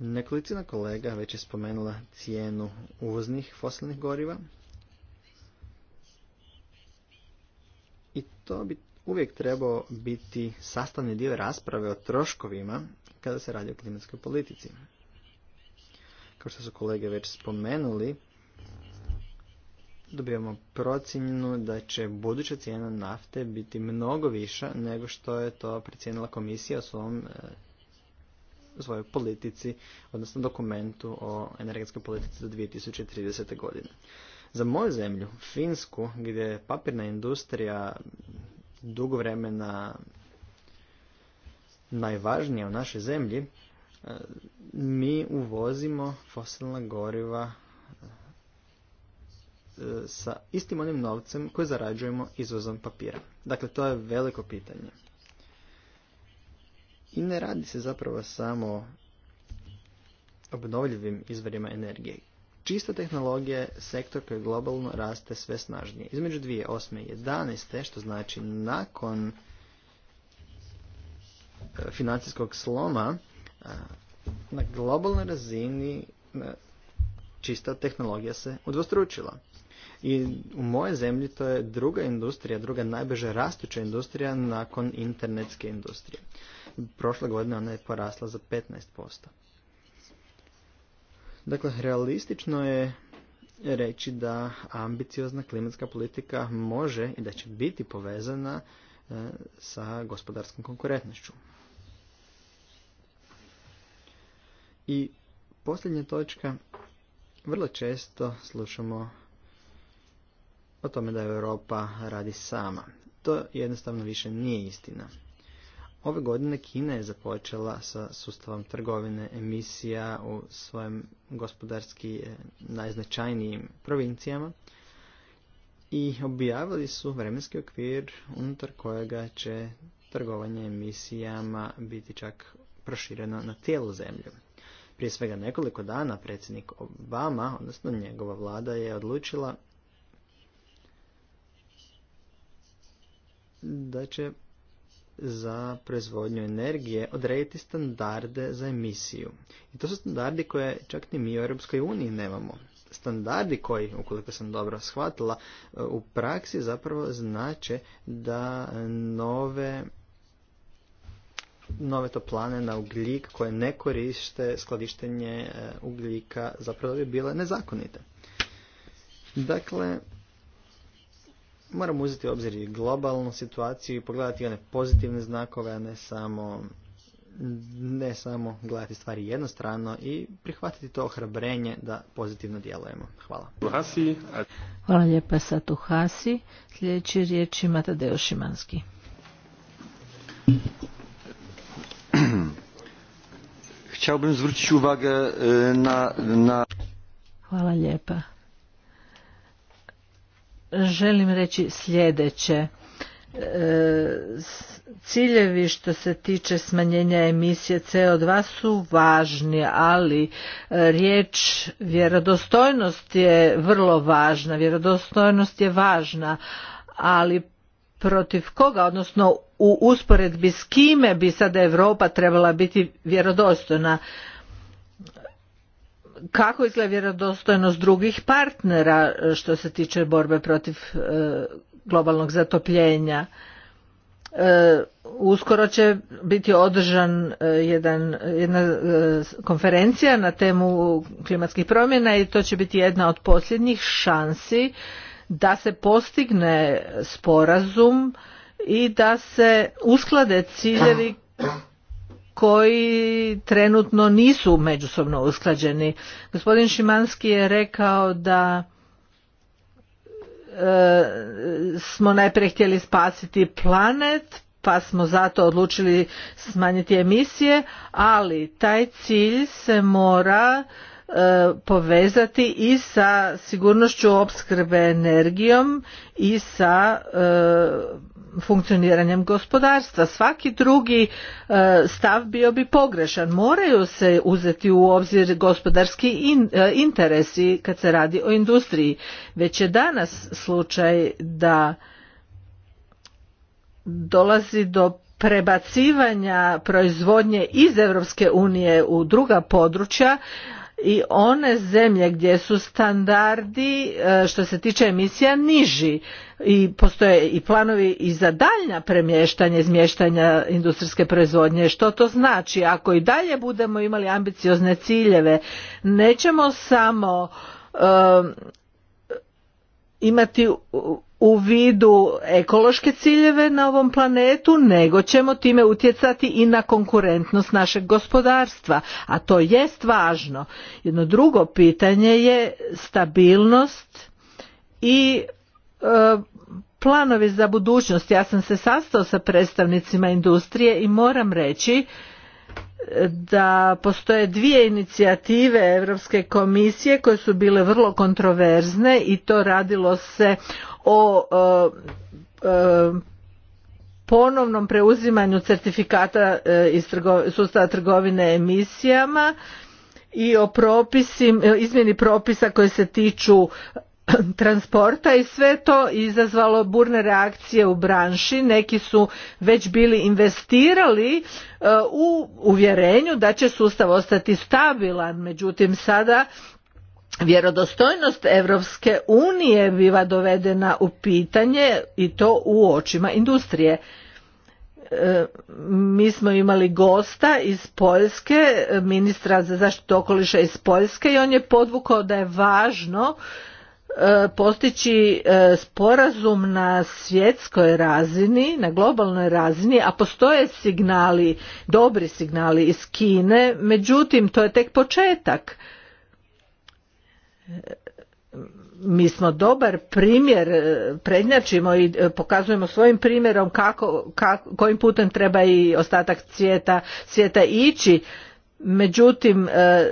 Nekolicina kolega već je spomenula cijenu uvoznih fosilnih goriva. I to bi uvijek trebao biti sastavni dio rasprave o troškovima kada se radi o klimatskoj politici. Kao što su kolege već spomenuli, dobijamo procjenu da će buduća cijena nafte biti mnogo viša nego što je to precijenila komisija u svom e, svojoj politici, odnosno dokumentu o energetskoj politici do 2030. godine. Za moju zemlju, Finsku, gdje je papirna industrija dugo vremena najvažnija u našoj zemlji, e, mi uvozimo fosilna goriva e, sa istim onim novcem koji zarađujemo izvozom papira. Dakle, to je veliko pitanje. I ne radi se zapravo samo o obnovljivim izvorima energije. Čista tehnologija je sektor koji globalno raste sve snažnije. Između 2008. i 2011. što znači nakon e, financijskog sloma e, na globalnoj razini e, čista tehnologija se udvostručila. I u moje zemlji to je druga industrija, druga najbrže rastuća industrija nakon internetske industrije prošle godine ona je porasla za 15%. Dakle, realistično je reći da ambiciozna klimatska politika može i da će biti povezana e, sa gospodarskom konkurentnošću. I posljednja točka, vrlo često slušamo o tome da Europa radi sama. To jednostavno više nije istina. Ove godine Kina je započela sa sustavom trgovine emisija u svojim gospodarski e, najznačajnijim provincijama i objavili su vremenski okvir unutar kojega će trgovanje emisijama biti čak prošireno na cijelu zemlju. Prije svega nekoliko dana predsjednik Obama, odnosno njegova vlada, je odlučila da će za proizvodnju energije odrediti standarde za emisiju. I to su standardi koje čak ni mi u Europskoj uniji nemamo. Standardi koji, ukoliko sam dobro shvatila, e, u praksi zapravo znače da nove nove toplane na ugljik koje ne koriste skladištenje e, ugljika zapravo bi bile nezakonite. Dakle, Moramo uzeti obzir i globalnu situaciju i pogledati one pozitivne znakove, a ne samo ne samo gledati stvari jednostrano i prihvatiti to ohrabrenje da pozitivno djelujemo. Hvala. Hvala lijepa Satu Hasi. Sljedeći riječ ima Tadeo Šimanski. [CLEARS THROAT] na, na... Hvala lijepa želim reći sljedeće e, ciljevi što se tiče smanjenja emisije CO2 su važni, ali e, riječ vjerodostojnost je vrlo važna, vjerodostojnost je važna, ali protiv koga, odnosno u usporedbi s kime bi sada Europa trebala biti vjerodostojna? kako izgleda vjerodostojnost drugih partnera e, što se tiče borbe protiv e, globalnog zatopljenja. E, uskoro će biti održan jedna konferencija na temu klimatskih promjena i to će biti jedna od posljednjih šansi da se postigne sporazum i da se usklade ciljevi koji trenutno nisu međusobno usklađeni. Gospodin Šimanski je rekao da e, smo najprije htjeli spasiti planet, pa smo zato odlučili smanjiti emisije, ali taj cilj se mora E, povezati i sa sigurnošću opskrbe energijom i sa e, funkcioniranjem gospodarstva. Svaki drugi e, stav bio bi pogrešan. Moraju se uzeti u obzir gospodarski interesi kad se radi o industriji. Već je danas slučaj da dolazi do prebacivanja proizvodnje iz Europske unije u druga područja i one zemlje gdje su standardi e, što se tiče emisija niži i postoje i planovi i za daljnja premještanja izmještanja industrijske proizvodnje što to znači ako i dalje budemo imali ambiciozne ciljeve nećemo samo e, imati u vidu ekološke ciljeve na ovom planetu, nego ćemo time utjecati i na konkurentnost našeg gospodarstva, a to jest važno. Jedno drugo pitanje je stabilnost i e, planovi za budućnost. Ja sam se sastao sa predstavnicima industrije i moram reći da postoje dvije inicijative Europske komisije koje su bile vrlo kontroverzne i to radilo se o, ponovnom preuzimanju certifikata e, iz sustava trgovine emisijama i o e, izmjeni propisa koji se tiču [CLEARS THROAT] transporta i sve to izazvalo burne reakcije u branši. Neki su već bili investirali e, u uvjerenju da će sustav ostati stabilan, međutim sada vjerodostojnost Europske unije biva dovedena u pitanje i to u očima industrije. E, mi smo imali gosta iz Poljske, ministra za zaštitu okoliša iz Poljske i on je podvukao da je važno E, postići e, sporazum na svjetskoj razini, na globalnoj razini, a postoje signali, dobri signali iz Kine, međutim to je tek početak. E, mi smo dobar primjer, prednjačimo i pokazujemo svojim primjerom kako, kako, kojim putem treba i ostatak svijeta, svijeta ići, Međutim, e,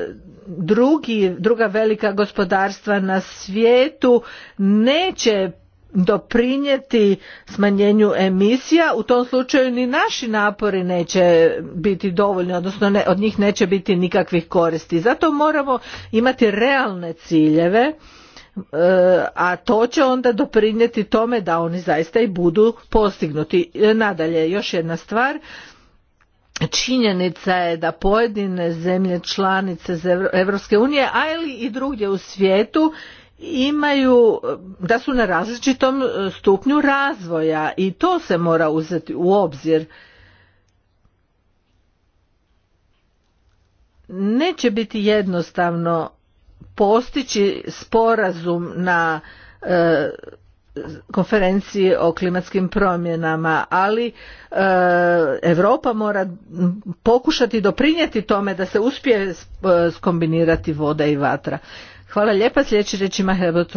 drugi, druga velika gospodarstva na svijetu neće doprinijeti smanjenju emisija, u tom slučaju ni naši napori neće biti dovoljni, odnosno ne, od njih neće biti nikakvih koristi. Zato moramo imati realne ciljeve, e, a to će onda doprinijeti tome da oni zaista i budu postignuti. E, nadalje, još jedna stvar, činjenica je da pojedine zemlje članice Europske unije, a ili i drugdje u svijetu, imaju, da su na različitom e, stupnju razvoja i to se mora uzeti u obzir. Neće biti jednostavno postići sporazum na e, konferenciji o klimatskim promjenama, ali eh, Europa mora pokušati doprinijeti tome da se uspije eh, skombinirati voda i vatra. Hvala lijepa, sljedeći reći ima Herbert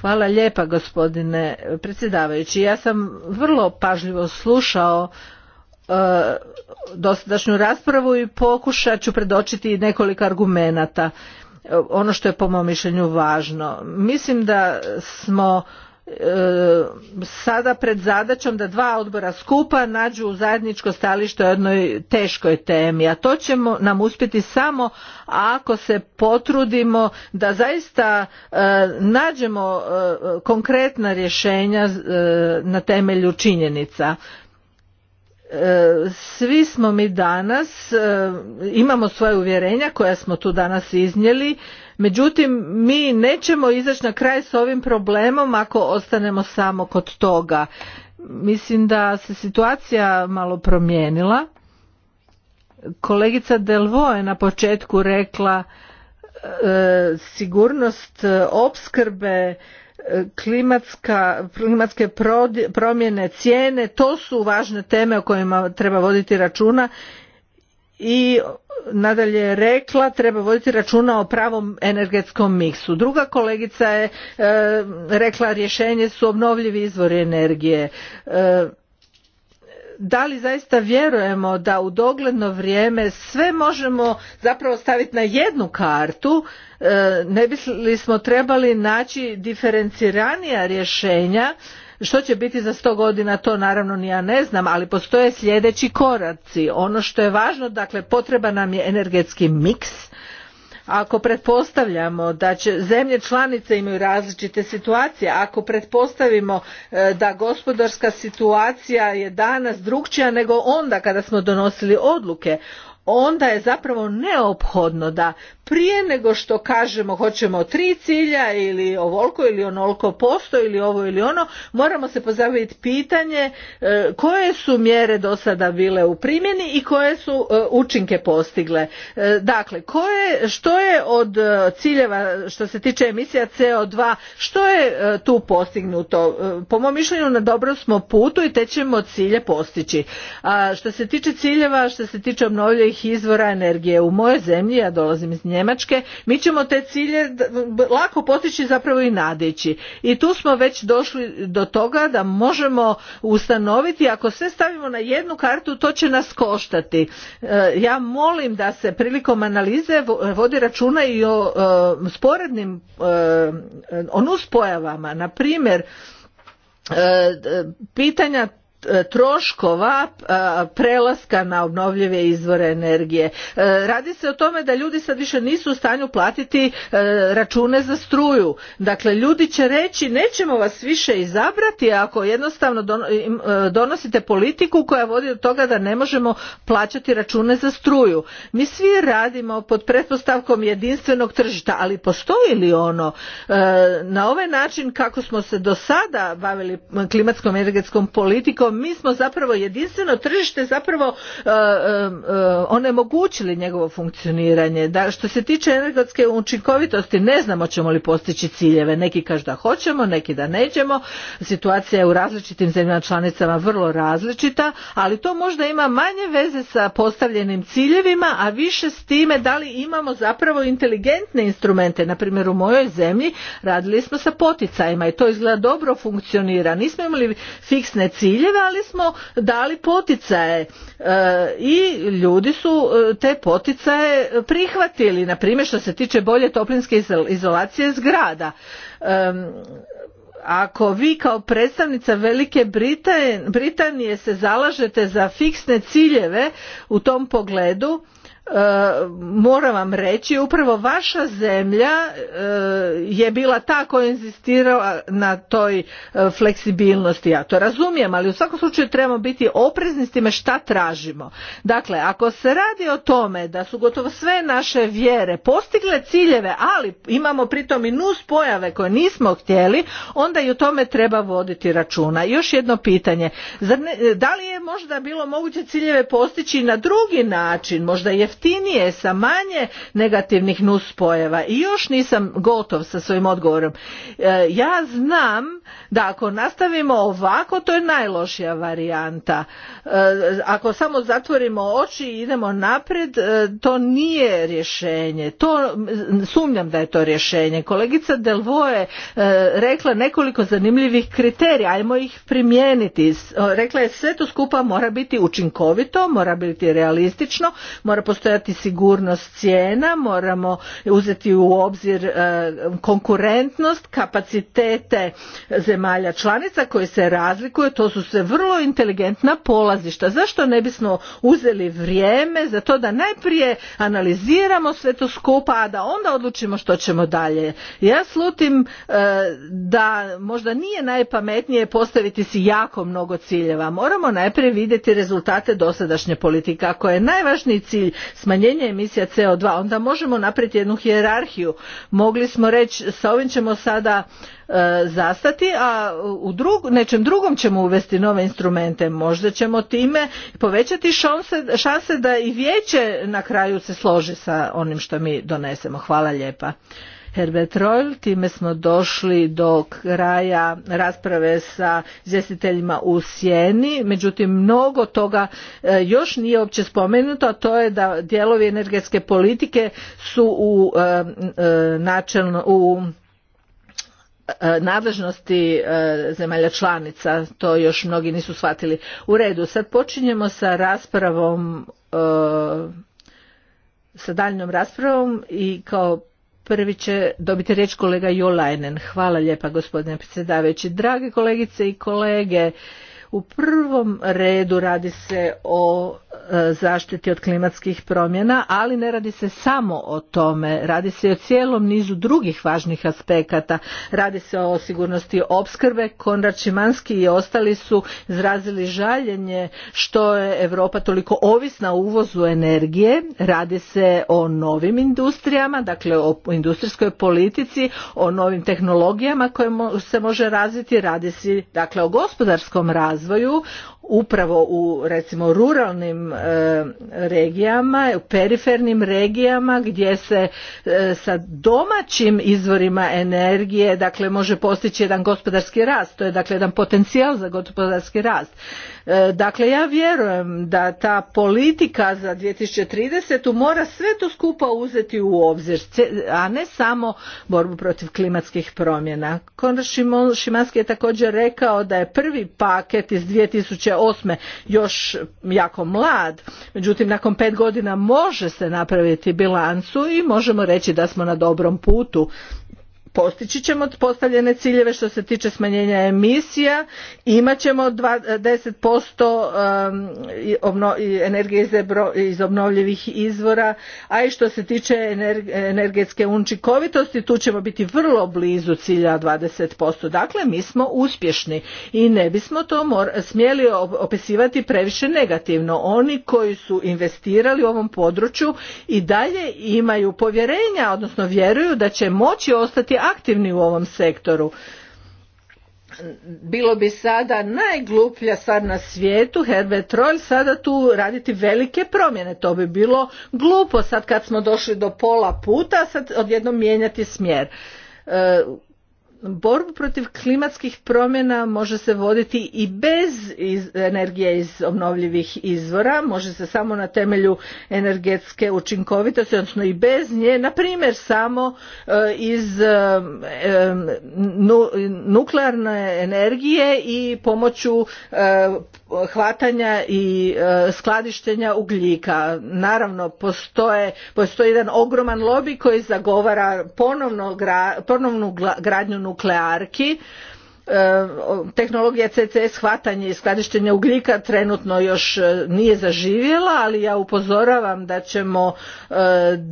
Hvala lijepa gospodine predsjedavajući. Ja sam vrlo pažljivo slušao e, dosadašnju raspravu i pokušat ću predočiti nekoliko argumenata. ono što je po mom mišljenju važno. Mislim da smo E, sada pred zadaćom da dva odbora skupa nađu zajedničko stalište o jednoj teškoj temi a to ćemo nam uspjeti samo ako se potrudimo da zaista e, nađemo e, konkretna rješenja na temelju činjenica svi smo mi danas e, imamo svoje uvjerenja koja smo tu danas iznijeli međutim mi nećemo izaći na kraj s ovim problemom ako ostanemo samo kod toga mislim da se situacija malo promijenila kolegica delvo je na početku rekla e, sigurnost e, opskrbe klimatske promjene cijene to su važne teme o kojima treba voditi računa i nadalje je rekla treba voditi računa o pravom energetskom miksu. Druga kolegica je e, rekla rješenje su obnovljivi izvori energije. E, da li zaista vjerujemo da u dogledno vrijeme sve možemo zapravo staviti na jednu kartu e, ne bismo trebali naći diferenciranija rješenja što će biti za sto godina to naravno ni ja ne znam ali postoje sljedeći koraci ono što je važno dakle potreban nam je energetski miks ako pretpostavljamo da će zemlje članice imaju različite situacije ako pretpostavimo e, da gospodarska situacija je danas drukčija nego onda kada smo donosili odluke onda je zapravo neophodno da prije nego što kažemo hoćemo tri cilja ili ovoliko ili onoliko posto ili ovo ili ono, moramo se pozabaviti pitanje e, koje su mjere do sada bile u primjeni i koje su e, učinke postigle. E, dakle, koje, što je od ciljeva što se tiče emisija CO2, što je tu postignuto? Po mom mišljenju na dobrom smo putu i te ćemo cilje postići. što se tiče ciljeva, što se tiče obnovljivih obnovljivih izvora energije u mojoj zemlji, ja dolazim iz Njemačke, mi ćemo te cilje lako potići zapravo i nadići. I tu smo već došli do toga da možemo ustanoviti ako sve stavimo na jednu kartu to će nas koštati. E, ja molim da se prilikom analize vodi računa i o e, sporednim e, onuspojavama. Na primjer, pitanja E, troškova e, prelaska na obnovljive izvore energije. E, radi se o tome da ljudi sad više nisu u stanju platiti račune za struju. Dakle, ljudi će reći nećemo vas više izabrati ako jednostavno donosite politiku koja vodi do toga da ne možemo plaćati račune za struju. Mi svi radimo pod pretpostavkom jedinstvenog tržišta, ali postoji li ono na ovaj način kako smo se do sada bavili klimatskom energetskom politikom mi smo zapravo jedinstveno tržište zapravo e, e, e, onemogućili njegovo funkcioniranje. Da, što se tiče energetske učinkovitosti ne znamo ćemo li postići ciljeve. Neki kažu da hoćemo, neki da nećemo. Situacija je u različitim zemljama članicama vrlo različita, ali to možda ima manje veze sa postavljenim ciljevima, a više s time da li imamo zapravo inteligentne instrumente. Naprimjer u mojoj zemlji radili smo sa poticajima i to izgleda dobro funkcionira. Nismo imali fiksne ciljeve, ali smo dali poticaje e, i ljudi su e, te poticaje prihvatili, na primjer što se tiče bolje toplinske izolacije zgrada e, ako vi kao predstavnica velike britanije se zalažete za fiksne ciljeve u tom pogledu moram vam reći upravo vaša zemlja e, je bila ta koja je inzistirala na toj e, fleksibilnosti ja to razumijem ali u svakom slučaju trebamo biti oprezni s time šta tražimo dakle ako se radi o tome da su gotovo sve naše vjere postigle ciljeve ali imamo pritom i nus pojave koje nismo htjeli onda i o tome treba voditi računa još jedno pitanje da li je možda bilo moguće ciljeve postići na drugi način možda je jeftinije, sa manje negativnih nuspojeva. I još nisam gotov sa svojim odgovorom. E, ja znam da ako nastavimo ovako, to je najlošija varijanta. E, ako samo zatvorimo oči i idemo naprijed, e, to nije rješenje. To, sumnjam da je to rješenje. Kolegica Delvo rekla nekoliko zanimljivih kriterija, ajmo ih primijeniti. Rekla je sve to skupa mora biti učinkovito, mora biti realistično, mora postojati postojati sigurnost cijena, moramo uzeti u obzir e, konkurentnost, kapacitete zemalja članica koje se razlikuju, to su se vrlo inteligentna polazišta. Zašto ne bismo uzeli vrijeme za to da najprije analiziramo sve to skupa, a da onda odlučimo što ćemo dalje. Ja slutim e, da možda nije najpametnije postaviti si jako mnogo ciljeva. Moramo najprije vidjeti rezultate dosadašnje politike. Ako je najvažniji cilj smanjenje emisija CO2, onda možemo napraviti jednu hijerarhiju. Mogli smo reći sa ovim ćemo sada e, zastati, a u drug, nečem drugom ćemo uvesti nove instrumente. Možda ćemo time povećati šanse, šanse da i vijeće na kraju se složi sa onim što mi donesemo. Hvala lijepa. Herbert Roil, Time smo došli do kraja rasprave sa izvjestiteljima u Sjeni. Međutim, mnogo toga e, još nije uopće spomenuto, a to je da dijelovi energetske politike su u e, e, načelno u nadležnosti zemalja članica, to još mnogi nisu shvatili. U redu, sad počinjemo sa raspravom, sa daljnjom raspravom i kao Prvi će dobiti riječ kolega Jolajnen. Hvala lijepa gospodine predsjedavajući. Drage kolegice i kolege, u prvom redu radi se o e, zaštiti od klimatskih promjena, ali ne radi se samo o tome, radi se i o cijelom nizu drugih važnih aspekata. Radi se o sigurnosti opskrbe, Konrad Čimanski i ostali su izrazili žaljenje što je Europa toliko ovisna o uvozu energije, radi se o novim industrijama, dakle o industrijskoj politici, o novim tehnologijama koje se može razviti, radi se dakle o gospodarskom razvoju razvoju upravo u recimo ruralnim e, regijama, u perifernim regijama gdje se e, sa domaćim izvorima energije dakle može postići jedan gospodarski rast, to je dakle jedan potencijal za gospodarski rast. E, dakle ja vjerujem da ta politika za 2030. mora sve to skupa uzeti u obzir, a ne samo borbu protiv klimatskih promjena. Konrad Šimanski je također rekao da je prvi paket iz 2008 2008. još jako mlad, međutim nakon pet godina može se napraviti bilancu i možemo reći da smo na dobrom putu postići ćemo postavljene ciljeve što se tiče smanjenja emisija imat ćemo 10% um, energije iz obnovljivih izvora a i što se tiče energetske učinkovitosti tu ćemo biti vrlo blizu cilja 20%. Dakle, mi smo uspješni i ne bismo to smjeli opisivati previše negativno. Oni koji su investirali u ovom području i dalje imaju povjerenja, odnosno vjeruju da će moći ostati aktivni u ovom sektoru bilo bi sada najgluplja stvar na svijetu Herbert Troll sada tu raditi velike promjene. To bi bilo glupo sad kad smo došli do pola puta sad odjednom mijenjati smjer. E, borbu protiv klimatskih promjena može se voditi i bez energije iz obnovljivih izvora može se samo na temelju energetske učinkovitosti odnosno i bez nje na primjer samo e, iz e, e, nuklearne energije i pomoću hvatanja i e, skladištenja ugljika. Naravno, postoje, postoji jedan ogroman lobby koji zagovara ponovnu gradnju nuklearki. E, tehnologija CCS hvatanje i skladištenja ugljika trenutno još e, nije zaživjela, ali ja upozoravam da ćemo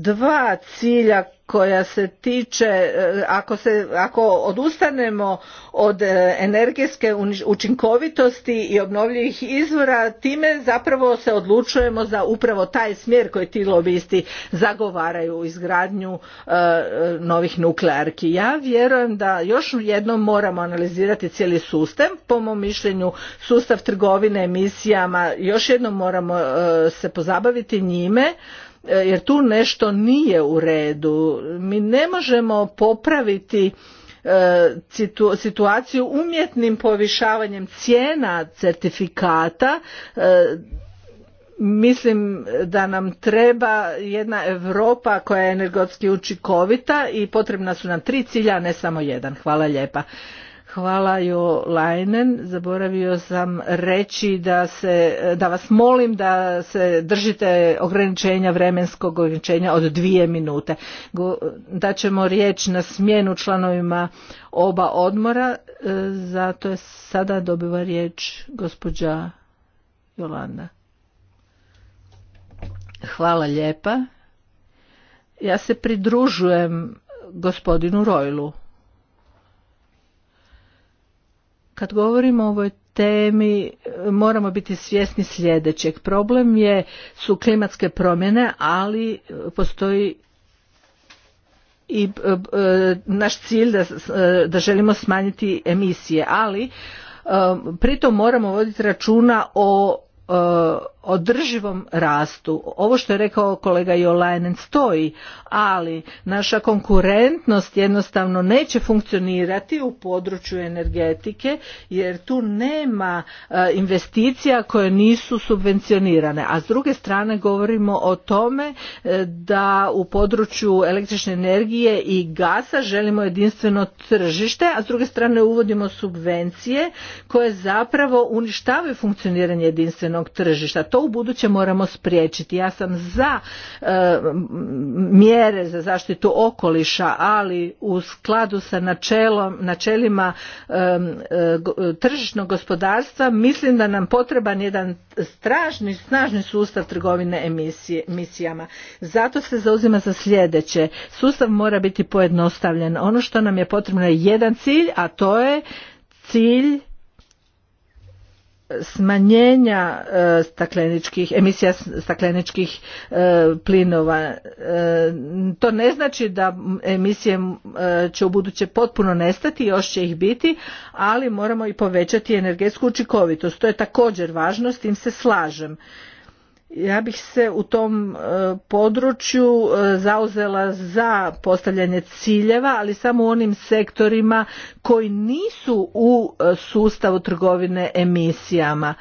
dva cilja koja se tiče e, ako, se, ako odustanemo od e, energetske učinkovitosti i obnovljivih izvora time zapravo se odlučujemo za upravo taj smjer koji ti lobisti zagovaraju izgradnju e, novih nuklearki ja vjerujem da još jednom moramo analizirati cijeli sustav po mom mišljenju sustav trgovine emisijama još jednom moramo se pozabaviti njime E, jer tu nešto nije u redu. Mi ne možemo popraviti e, situaciju umjetnim povišavanjem cijena certifikata e, mislim da nam treba jedna Europa koja je energetski učinkovita i potrebna su nam tri cilja, a ne samo jedan. Hvala lijepa. Hvala Jo Lajnen. Zaboravio sam reći da, se, da vas molim da se držite ograničenja vremenskog ograničenja od dvije minute. Da ćemo riječ na smjenu članovima oba odmora. E, zato je sada dobiva riječ gospođa Jolanda. Hvala lijepa. Ja se pridružujem gospodinu Rojlu. Kad govorimo o ovoj temi e, moramo biti svjesni sljedećeg. Problem je, su klimatske promjene, ali e, postoji i e, naš cilj da, da želimo smanjiti emisije, ali pritom moramo voditi računa o održivom rastu. Ovo što je rekao kolega Jolajnen stoji, ali naša konkurentnost jednostavno neće funkcionirati u području energetike jer tu nema e, investicija koje nisu subvencionirane. A s druge strane govorimo o tome e, da u području električne energije i gasa želimo jedinstveno tržište, a s druge strane uvodimo subvencije koje zapravo uništavaju funkcioniranje jedinstvenog tržišta to u buduće moramo spriječiti. Ja sam za e, mjere za zaštitu okoliša, ali u skladu sa načelom, načelima e, e, tržišnog gospodarstva mislim da nam potreban jedan stražni, snažni sustav trgovine emisije, emisijama. Zato se zauzima za sljedeće. Sustav mora biti pojednostavljen. Ono što nam je potrebno je jedan cilj, a to je cilj smanjenja e, stakleničkih emisija stakleničkih e, plinova e, to ne znači da emisije će u buduće potpuno nestati još će ih biti ali moramo i povećati energetsku učinkovitost to je također važno s tim se slažem ja bih se u tom e, području e, zauzela za postavljanje ciljeva ali samo u onim sektorima koji nisu u e, sustavu trgovine emisijama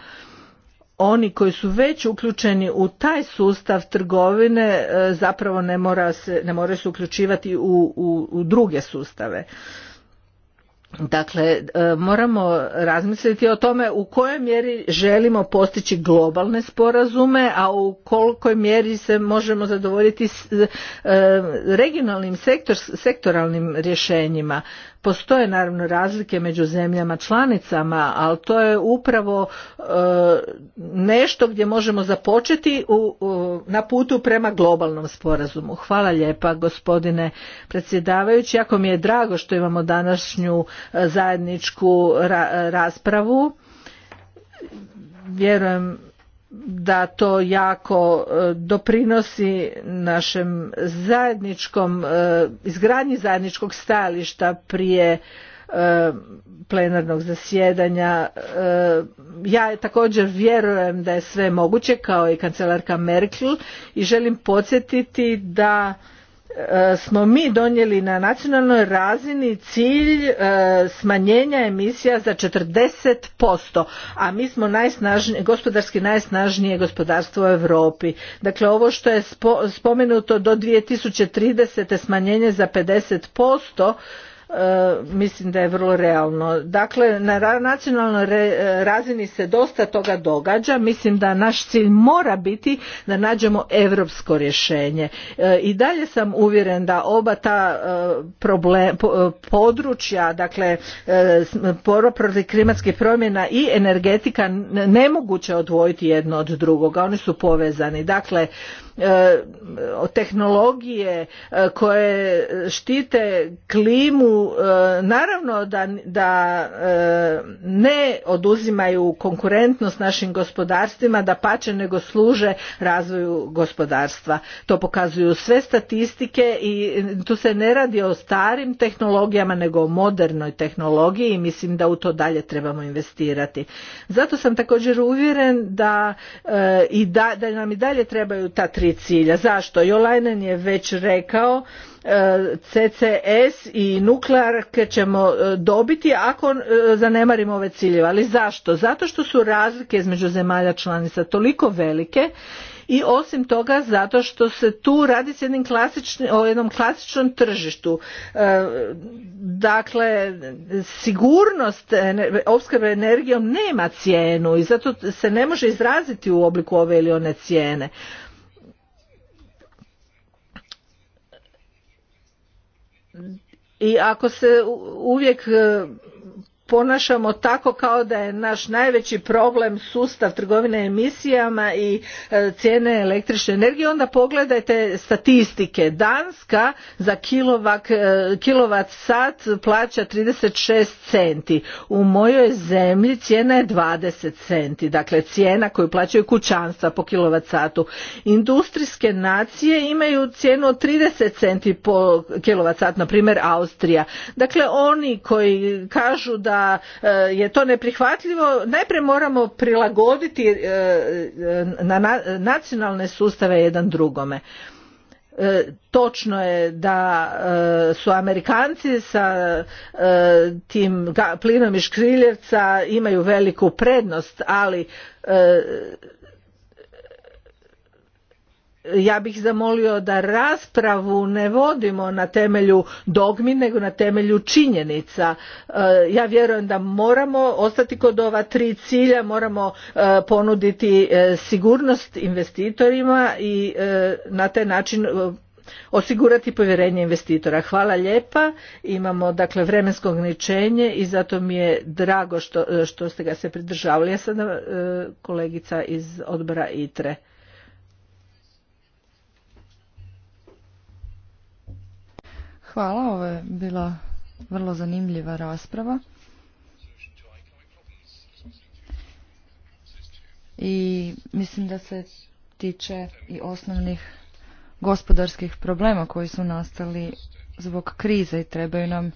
oni koji su već uključeni u taj sustav trgovine zapravo ne, mora se, ne moraju se uključivati u druge sustave Dakle, e, moramo razmisliti o tome u kojoj mjeri želimo postići globalne sporazume, a u kolikoj mjeri se možemo zadovoljiti e, regionalnim sektor, sektoralnim rješenjima. Postoje naravno razlike među zemljama članicama, ali to je upravo e, nešto gdje možemo započeti u, na putu prema globalnom sporazumu. Hvala lijepa gospodine predsjedavajući. Jako mi je drago što imamo današnju e, zajedničku e, raspravu. Vjerujem da to jako e, doprinosi našem zajedničkom e, izgradnji zajedničkog stajališta prije e, plenarnog zasjedanja. Ja također vjerujem da je sve moguće kao i kancelarka Merkel i želim podsjetiti da E, smo mi donijeli na nacionalnoj razini cilj e, smanjenja emisija za 40%, a mi smo gospodarski najsnažnije gospodarstvo u Europi. Dakle, ovo što je spomenuto do 2030. smanjenje za 50%, E, mislim da je vrlo realno. Dakle, na nacionalnoj razini se dosta toga događa. Mislim da naš cilj mora biti da nađemo europsko rješenje. E, I dalje sam uvjeren da oba ta e, područja, dakle, poro protiv klimatskih promjena i energetika nemoguće odvojiti jedno od drugoga. Oni su povezani. Dakle, E, tehnologije e, koje štite klimu e, naravno da, da ne oduzimaju konkurentnost našim gospodarstvima da pače nego služe razvoju gospodarstva. To pokazuju sve statistike i tu se ne radi o starim tehnologijama nego o modernoj tehnologiji i mislim da u to dalje trebamo investirati. Zato sam također uvjeren da, i da, da nam i dalje trebaju ta tri tri cilja. Zašto? Jolajnen je već rekao e, CCS i nuklearke ćemo e, dobiti ako e, zanemarimo ove ciljeve. Ali zašto? Zato što su razlike između zemalja članica toliko velike i osim toga zato što se tu radi s o jednom klasičnom tržištu. dakle, sigurnost opskrbe energijom nema cijenu i zato se ne može izraziti u obliku ove ili one cijene. i ako se uvijek e, ponašamo tako kao da je naš najveći problem sustav trgovine emisijama i e, cijene električne energije onda pogledajte statistike danska za e, kilovat sat plaća 36 centi u mojoj zemlji cijena je 20 centi dakle cijena koju plaćaju kućanstva po kilovat satu industrijske nacije imaju cijenu od 30 centi po kilovat sat na primjer Austrija dakle oni koji kažu da da e, je to neprihvatljivo najprije moramo prilagoditi e, e, na nacionalne sustave jedan drugome točno je da su Amerikanci sa tim plinom iz škriljevca imaju veliku prednost, ali ja bih zamolio da raspravu ne vodimo na temelju dogmi nego na temelju činjenica e, ja vjerujem da moramo ostati kod ova tri cilja moramo e, ponuditi e, sigurnost investitorima i na taj način osigurati povjerenje investitora. Hvala lijepa. Imamo dakle vremensko ograničenje i zato mi je drago što, što ste ga se pridržavali. Ja sada kolegica iz odbora ITRE. Hvala, ovo je bila vrlo zanimljiva rasprava. I mislim da se tiče i osnovnih gospodarskih problema koji su nastali zbog krize i trebaju nam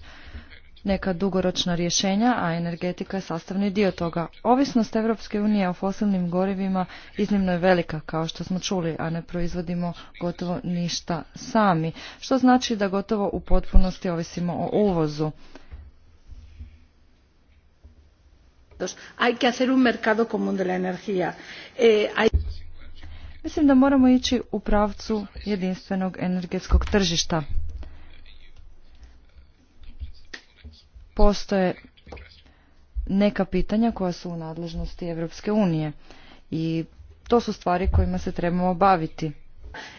neka dugoročna rješenja, a energetika je sastavni dio toga. Ovisnost Europske unije o fosilnim gorivima iznimno je velika, kao što smo čuli, a ne proizvodimo gotovo ništa sami, što znači da gotovo u potpunosti ovisimo o uvozu. Hay que hacer un mercado común de la energía. Eh, Mislim da moramo ići u pravcu jedinstvenog energetskog tržišta. postoje neka pitanja koja su u nadležnosti Europske unije i to su stvari kojima se trebamo baviti.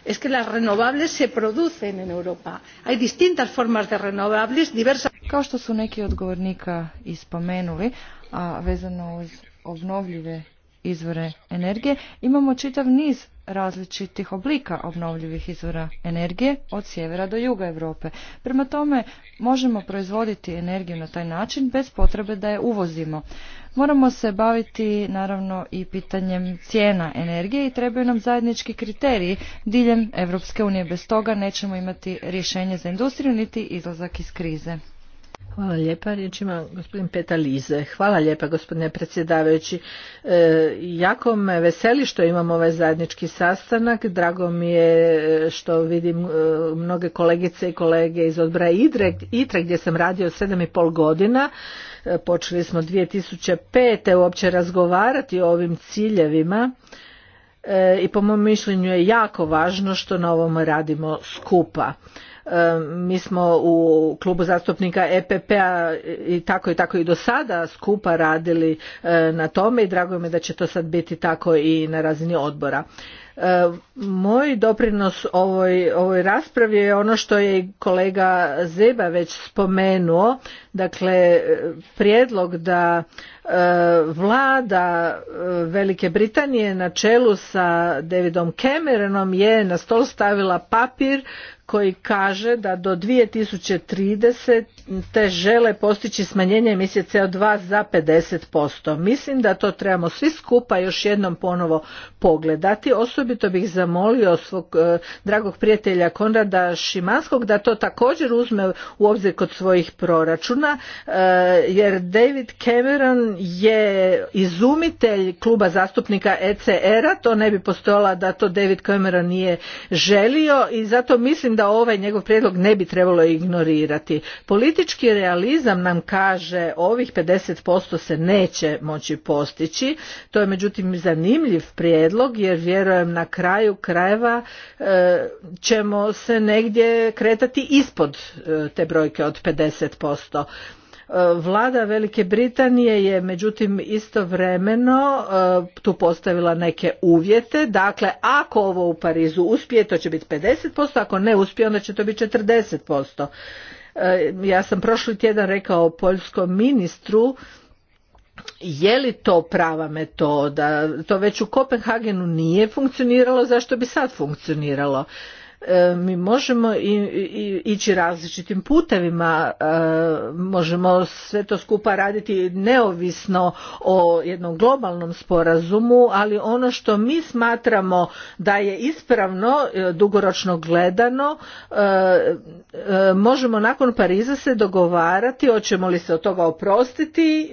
Es que las renovables se producen en Europa. Hay distintas formas de renovables, diversas... Kao što su neki odgovornika ispomenuli, a vezano uz obnovljive izvore energije. Imamo čitav niz različitih oblika obnovljivih izvora energije od sjevera do juga Europe. Prema tome možemo proizvoditi energiju na taj način bez potrebe da je uvozimo. Moramo se baviti naravno i pitanjem cijena energije i trebaju nam zajednički kriteriji diljem Europske unije. Bez toga nećemo imati rješenje za industriju niti izlazak iz krize. Hvala lijepa. Riječ ima gospodin Peta Lize. Hvala lijepa gospodine predsjedavajući. E, jako me veseli što imam ovaj zajednički sastanak. Drago mi je e, što vidim e, mnoge kolegice i kolege iz odbora IDRE, ITRE gdje sam radio sedam i pol godina. počeli smo 2005. uopće razgovarati o ovim ciljevima. I po mom mišljenju je jako važno što na ovom radimo skupa. E, mi smo u klubu zastupnika EPP-a i tako i tako i do sada skupa radili e, na tome i drago mi je da će to sad biti tako i na razini odbora. E, moj doprinos ovoj, ovoj raspravi je ono što je i kolega Zeba već spomenuo, dakle prijedlog da vlada Velike Britanije na čelu sa Davidom Cameronom je na stol stavila papir koji kaže da do 2030 te žele postići smanjenje emisije CO2 za 50%. Mislim da to trebamo svi skupa još jednom ponovo pogledati. Osobito bih zamolio svog e, dragog prijatelja Konrada Šimanskog da to također uzme u obzir kod svojih proračuna e, jer David Cameron je izumitelj kluba zastupnika ECR-a. To ne bi postojala da to David Cameron nije želio i zato mislim da ovaj njegov prijedlog ne bi trebalo ignorirati. Polit politički realizam nam kaže ovih 50% se neće moći postići. To je međutim zanimljiv prijedlog jer vjerujem na kraju krajeva e, ćemo se negdje kretati ispod e, te brojke od 50%. E, vlada Velike Britanije je međutim istovremeno tu postavila neke uvjete. Dakle, ako ovo u Parizu uspije, to će biti 50%, ako ne uspije, onda će to biti 40%. E, ja sam prošli tjedan rekao poljskom ministru je li to prava metoda, to već u Kopenhagenu nije funkcioniralo, zašto bi sad funkcioniralo? E, mi možemo ići različitim putevima e, možemo sve to skupa raditi neovisno o jednom globalnom sporazumu ali ono što mi smatramo da je ispravno e, dugoročno gledano možemo nakon pariza se dogovarati hoćemo li se od toga oprostiti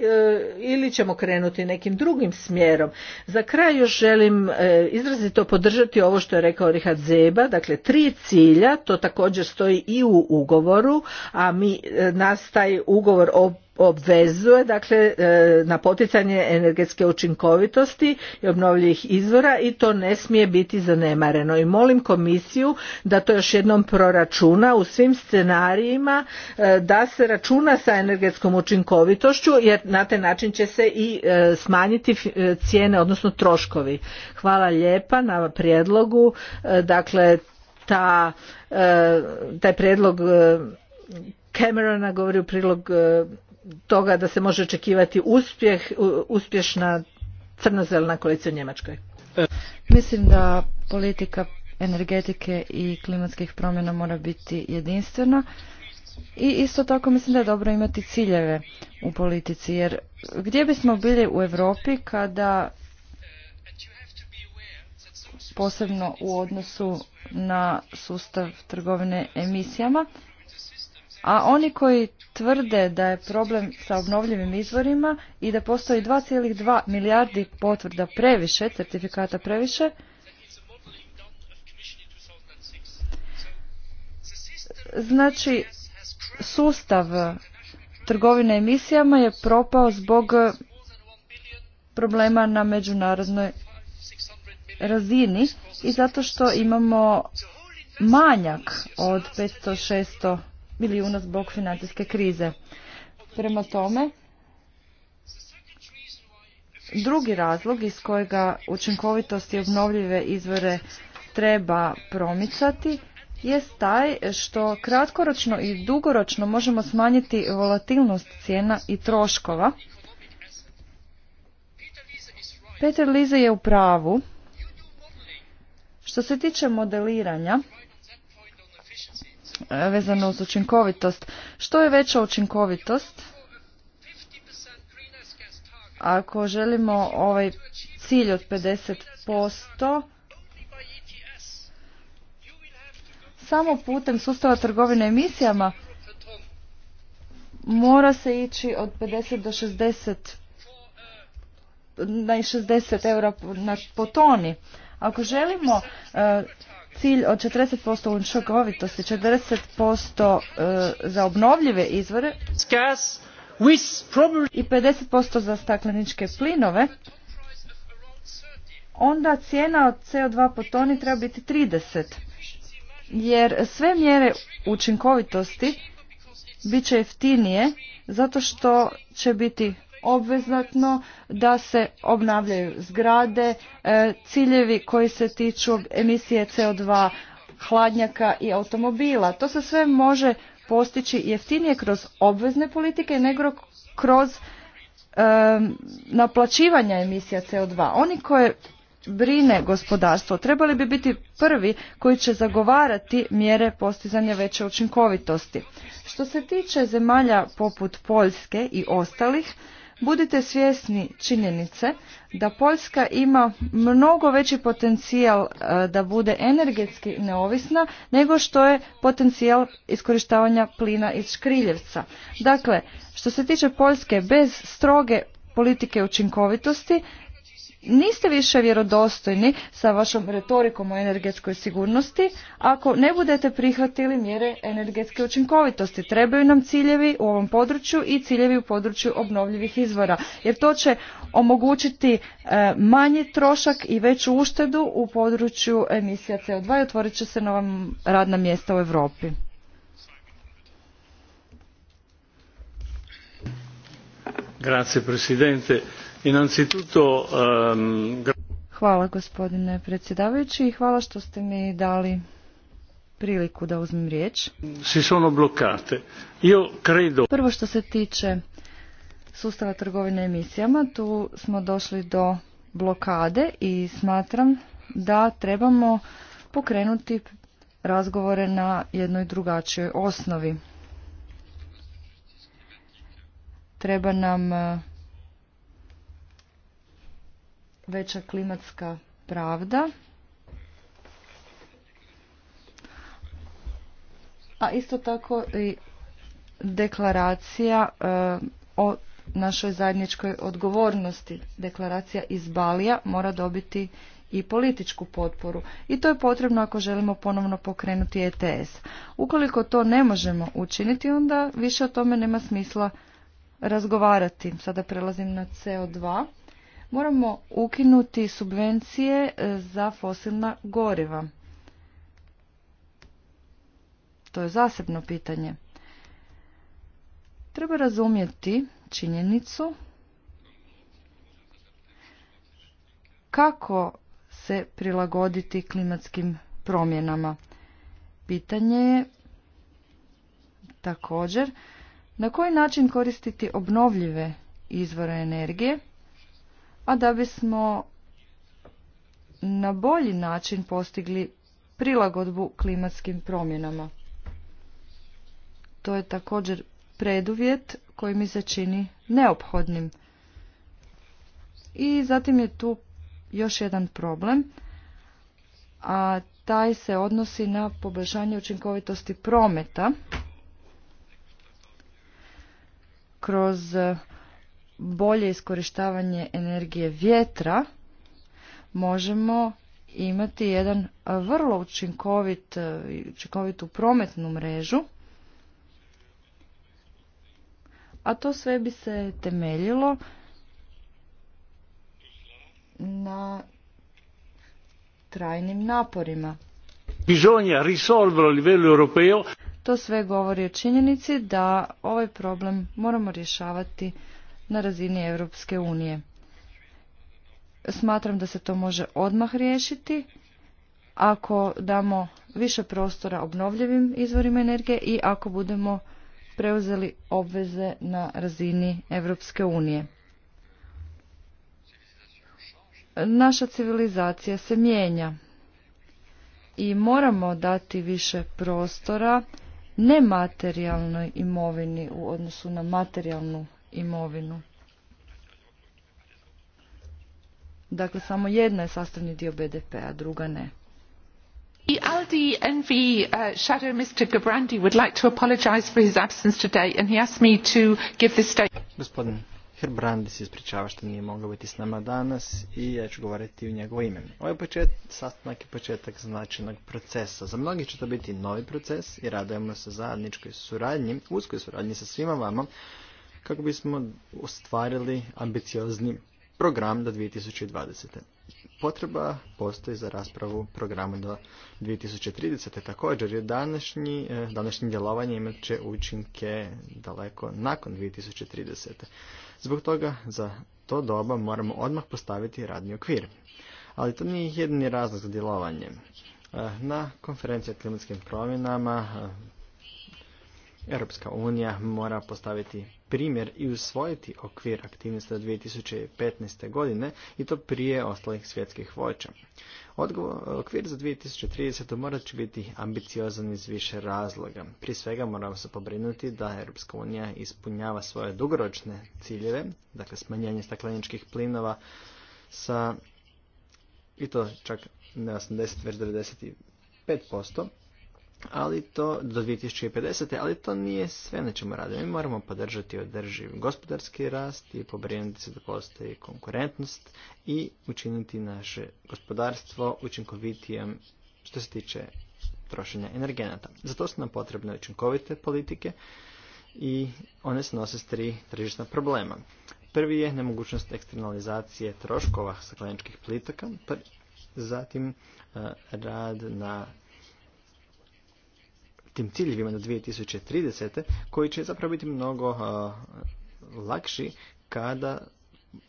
ili ćemo krenuti nekim drugim smjerom za kraj još želim izrazito podržati ovo što je rekao Richard Zeba dakle tri cilja, to također stoji i u ugovoru, a mi e, nas taj ugovor obvezuje dakle e, na poticanje energetske učinkovitosti i obnovljivih izvora i to ne smije biti zanemareno i molim komisiju da to još jednom proračuna u svim scenarijima e, da se računa sa energetskom učinkovitošću jer na taj način će se i smanjiti cijene odnosno troškovi hvala lijepa na prijedlogu dakle ta, e, taj prijedlog e, Camerona govori u prilog e, toga da se može očekivati uspjeh, uspješna crnozelna koalicija u Njemačkoj. Mislim da politika energetike i klimatskih promjena mora biti jedinstvena i isto tako mislim da je dobro imati ciljeve u politici jer gdje bismo bili u Europi kada posebno u odnosu na sustav trgovine emisijama. A oni koji tvrde da je problem sa obnovljivim izvorima i da postoji 2,2 milijardi potvrda previše, certifikata previše, znači sustav trgovine emisijama je propao zbog problema na međunarodnoj razini i zato što imamo manjak od 500-600 milijuna zbog financijske krize. Prema tome, drugi razlog iz kojega učinkovitost i obnovljive izvore treba promicati je taj što kratkoročno i dugoročno možemo smanjiti volatilnost cijena i troškova. Peter Lize je u pravu što se tiče modeliranja, e, vezano uz učinkovitost, što je veća učinkovitost, ako želimo ovaj cilj od 50%, samo putem sustava trgovine emisijama mora se ići od 50 do 60 na 60 eura po toni ako želimo e, cilj od 40% učinkovitosti, 40% e, za obnovljive izvore i 50% za stakleničke plinove, onda cijena od CO2 po toni treba biti 30. Jer sve mjere učinkovitosti bit će jeftinije zato što će biti obvezatno da se obnavljaju zgrade, e, ciljevi koji se tiču emisije CO2 hladnjaka i automobila. To se sve može postići jeftinije kroz obvezne politike nego kroz e, naplaćivanja emisija CO2. Oni koje brine gospodarstvo trebali bi biti prvi koji će zagovarati mjere postizanja veće učinkovitosti. Što se tiče zemalja poput Poljske i ostalih, budite svjesni činjenice da Poljska ima mnogo veći potencijal e, da bude energetski neovisna nego što je potencijal iskorištavanja plina iz Škriljevca. Dakle, što se tiče Poljske bez stroge politike učinkovitosti niste više vjerodostojni sa vašom retorikom o energetskoj sigurnosti ako ne budete prihvatili mjere energetske učinkovitosti. Trebaju nam ciljevi u ovom području i ciljevi u području obnovljivih izvora jer to će omogućiti e, manji trošak i veću uštedu u području emisija CO2 i otvorit će se nova radna mjesta u Europi. Grazie Presidente. Ehm, hvala gospodine predsjedavajući i hvala što ste mi dali priliku da uzmem riječ. Prvo što se tiče sustava trgovine emisijama, tu smo došli do blokade i smatram da trebamo pokrenuti razgovore na jednoj drugačijoj osnovi. Treba nam veća klimatska pravda. A isto tako i deklaracija eh, o našoj zajedničkoj odgovornosti. Deklaracija iz Balija mora dobiti i političku potporu. I to je potrebno ako želimo ponovno pokrenuti ETS. Ukoliko to ne možemo učiniti, onda više o tome nema smisla razgovarati. Sada prelazim na CO2. Moramo ukinuti subvencije e, za fosilna goriva. To je zasebno pitanje. Treba razumjeti činjenicu kako se prilagoditi klimatskim promjenama. Pitanje je također na koji način koristiti obnovljive izvore energije a da bismo na bolji način postigli prilagodbu klimatskim promjenama. To je također preduvjet koji mi se čini neophodnim. I zatim je tu još jedan problem, a taj se odnosi na poboljšanje učinkovitosti prometa kroz bolje iskorištavanje energije vjetra možemo imati jedan vrlo učinkovit, e, učinkovitu prometnu mrežu, a to sve bi se temeljilo na trajnim naporima. Bisogna risolvere a livello europeo. To sve govori o činjenici da ovaj problem moramo rješavati na razini Europske unije. Smatram da se to može odmah riješiti ako damo više prostora obnovljivim izvorima energije i ako budemo preuzeli obveze na razini Europske unije. Naša civilizacija se mijenja i moramo dati više prostora nematerijalnoj imovini u odnosu na materijalnu imovinu. Dakle, samo jedna je sastavni dio BDP-a, druga ne. The Aldi NV uh, shadow Mr. Gabrandi would like to apologize for his absence today and he asked me to give this statement. Gospodin Herbrandi se ispričava što nije mogao biti s nama danas i ja ću govoriti u njegovo ime. Ovaj počet, sastanak je početak značajnog procesa. Za mnogi će to biti novi proces i radujemo se zajedničkoj suradnji, uskoj suradnji sa svima vama kako bismo ostvarili ambiciozni program do 2020. Potreba postoji za raspravu programu do 2030. Također je današnji, e, današnje djelovanje imat će učinke daleko nakon 2030. Zbog toga za to doba moramo odmah postaviti radni okvir. Ali to nije jedini razlog za djelovanje. E, na konferenciji o klimatskim promjenama e, Europska unija mora postaviti primjer i usvojiti okvir aktivnosti od 2015. godine i to prije ostalih svjetskih voća. okvir za 2030. morat će biti ambiciozan iz više razloga. Prije svega moramo se pobrinuti da Europska unija ispunjava svoje dugoročne ciljeve, dakle smanjenje stakleničkih plinova sa i to čak ne 80 već 95% ali to do 2050. ali to nije sve na čemu radimo. Mi moramo podržati održiv gospodarski rast i pobrinuti se da postoji konkurentnost i učiniti naše gospodarstvo učinkovitijem što se tiče trošenja energenata. Zato su nam potrebne učinkovite politike i one se nose s tri tržišna problema. Prvi je nemogućnost eksternalizacije troškova stakleničkih plitaka, zatim eh, rad na tim ciljevima do 2030. koji će zapravo biti mnogo lakši kada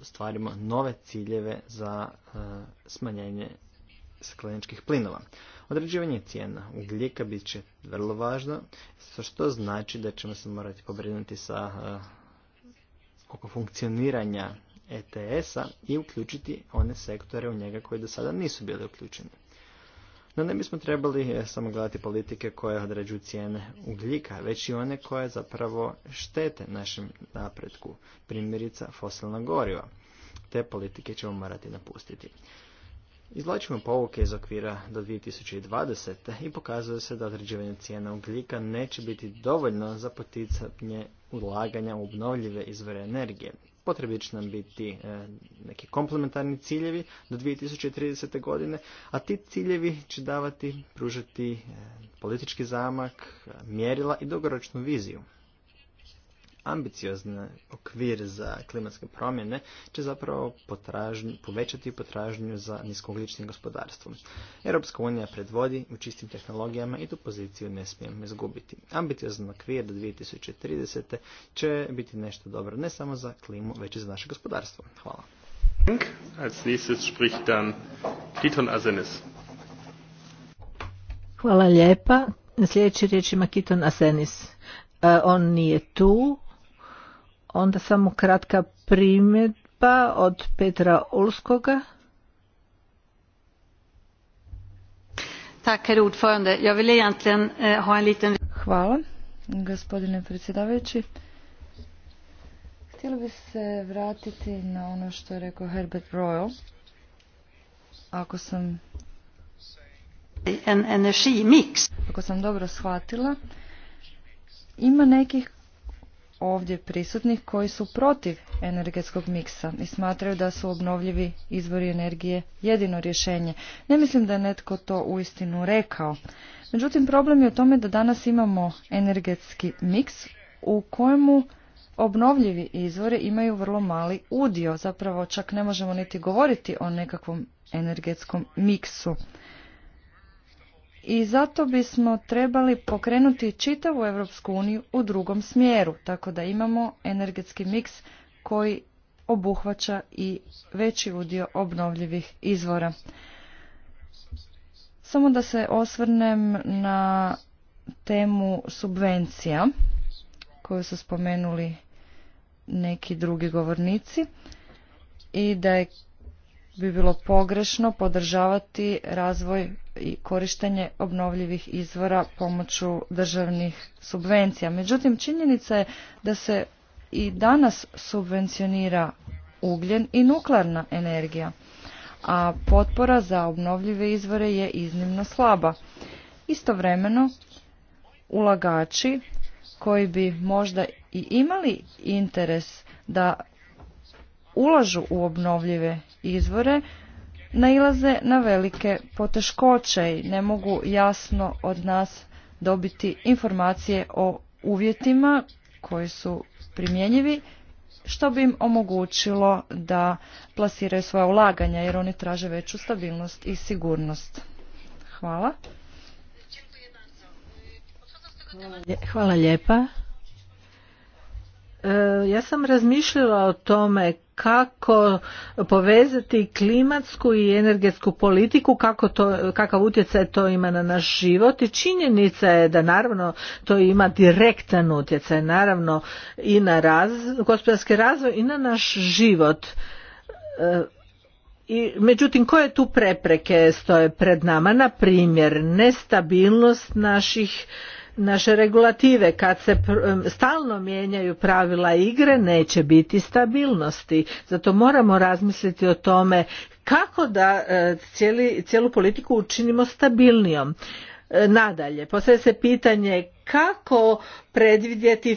stvarimo nove ciljeve za smanjenje stakleničkih plinova. Određivanje cijena ugljika bit će vrlo važno, što znači da ćemo se morati pobrinuti sa oko funkcioniranja ETS-a i uključiti one sektore u njega koji do sada nisu bili uključeni. No ne bismo trebali e, samo gledati politike koje određuju cijene ugljika, već i one koje zapravo štete našem napretku, primjerica fosilna goriva. Te politike ćemo morati napustiti. Izlačimo povuke iz okvira do 2020. i pokazuje se da određivanje cijena ugljika neće biti dovoljno za poticanje ulaganja u obnovljive izvore energije potrebni će nam biti e, neki komplementarni ciljevi do 2030. godine, a ti ciljevi će davati, pružati e, politički zamak, e, mjerila i dugoročnu viziju ambiciozni okvir za klimatske promjene će zapravo potražnju, povećati potražnju za niskogličnim gospodarstvom. Europska unija predvodi u čistim tehnologijama i tu poziciju ne smijemo izgubiti. Ambiciozni okvir do 2030. će biti nešto dobro ne samo za klimu, već i za naše gospodarstvo. Hvala. Als nächstes Hvala lijepa. Sljedeći riječ ima Kiton Asenis. E, on nije tu, Onda samo kratka primjedba od Petra Ulskoga. tak herr ordförande. Jag vill eh, ha en liten... Hvala, gospodine predsjedavajući. Htjela bi se vratiti na ono što je rekao Herbert Royal. Ako sam... En Ako sam dobro shvatila, ima nekih ovdje prisutnih koji su protiv energetskog miksa i smatraju da su obnovljivi izvori energije jedino rješenje. Ne mislim da je netko to uistinu rekao. Međutim, problem je u tome da danas imamo energetski miks u kojemu obnovljivi izvori imaju vrlo mali udio. Zapravo čak ne možemo niti govoriti o nekakvom energetskom miksu i zato bismo trebali pokrenuti čitavu Europsku uniju u drugom smjeru, tako da imamo energetski miks koji obuhvaća i veći udio obnovljivih izvora. Samo da se osvrnem na temu subvencija koju su spomenuli neki drugi govornici i da je bi bilo pogrešno podržavati razvoj i korištenje obnovljivih izvora pomoću državnih subvencija. Međutim, činjenica je da se i danas subvencionira ugljen i nuklearna energija, a potpora za obnovljive izvore je iznimno slaba. Istovremeno, ulagači koji bi možda i imali interes da ulažu u obnovljive izvore nailaze na velike poteškoće i ne mogu jasno od nas dobiti informacije o uvjetima koji su primjenjivi što bi im omogućilo da plasiraju svoje ulaganja jer oni traže veću stabilnost i sigurnost. Hvala. Hvala lijepa. E, ja sam razmišljala o tome kako povezati klimatsku i energetsku politiku, kako to, kakav utjecaj to ima na naš život i činjenica je da naravno to ima direktan utjecaj, naravno i na gospodarski razvoj i na naš život. E, I, međutim, koje tu prepreke stoje pred nama? Na primjer, nestabilnost naših naše regulative kad se stalno mijenjaju pravila igre neće biti stabilnosti zato moramo razmisliti o tome kako da e, cijelu politiku učinimo stabilnijom E, nadalje, postavlja se pitanje kako predvidjeti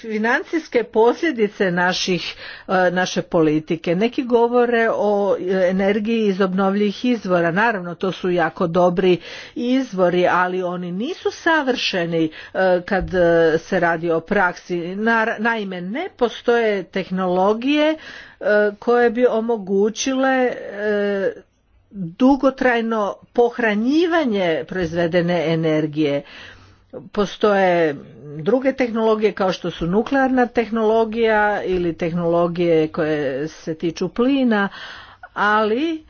financijske posljedice naših, e, naše politike. Neki govore o energiji iz obnovljivih izvora. Naravno, to su jako dobri izvori, ali oni nisu savršeni e, kad se radi o praksi. Naime, ne postoje tehnologije koje bi omogućile dugotrajno pohranjivanje proizvedene energije postoje druge tehnologije kao što su nuklearna tehnologija ili tehnologije koje se tiču plina ali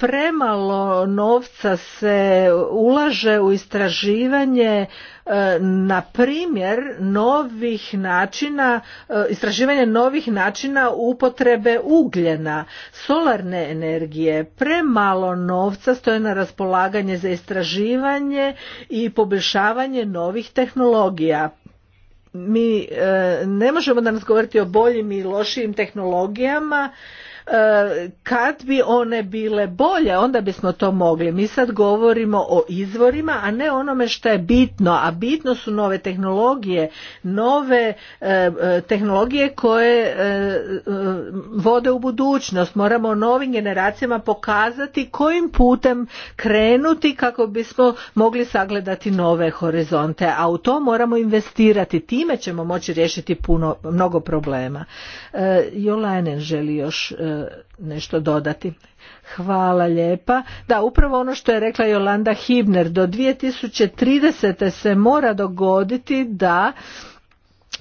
premalo novca se ulaže u istraživanje e, na primjer novih načina e, istraživanje novih načina upotrebe ugljena solarne energije premalo novca stoje na raspolaganje za istraživanje i poboljšavanje novih tehnologija mi e, ne možemo danas govoriti o boljim i lošijim tehnologijama kad bi one bile bolje onda bismo to mogli mi sad govorimo o izvorima a ne onome što je bitno a bitno su nove tehnologije nove e, e, tehnologije koje e, vode u budućnost moramo novim generacijama pokazati kojim putem krenuti kako bismo mogli sagledati nove horizonte a u to moramo investirati time ćemo moći riješiti puno mnogo problema Jolajnen želi još nešto dodati. Hvala lijepa. Da, upravo ono što je rekla Jolanda Hibner, do 2030. se mora dogoditi da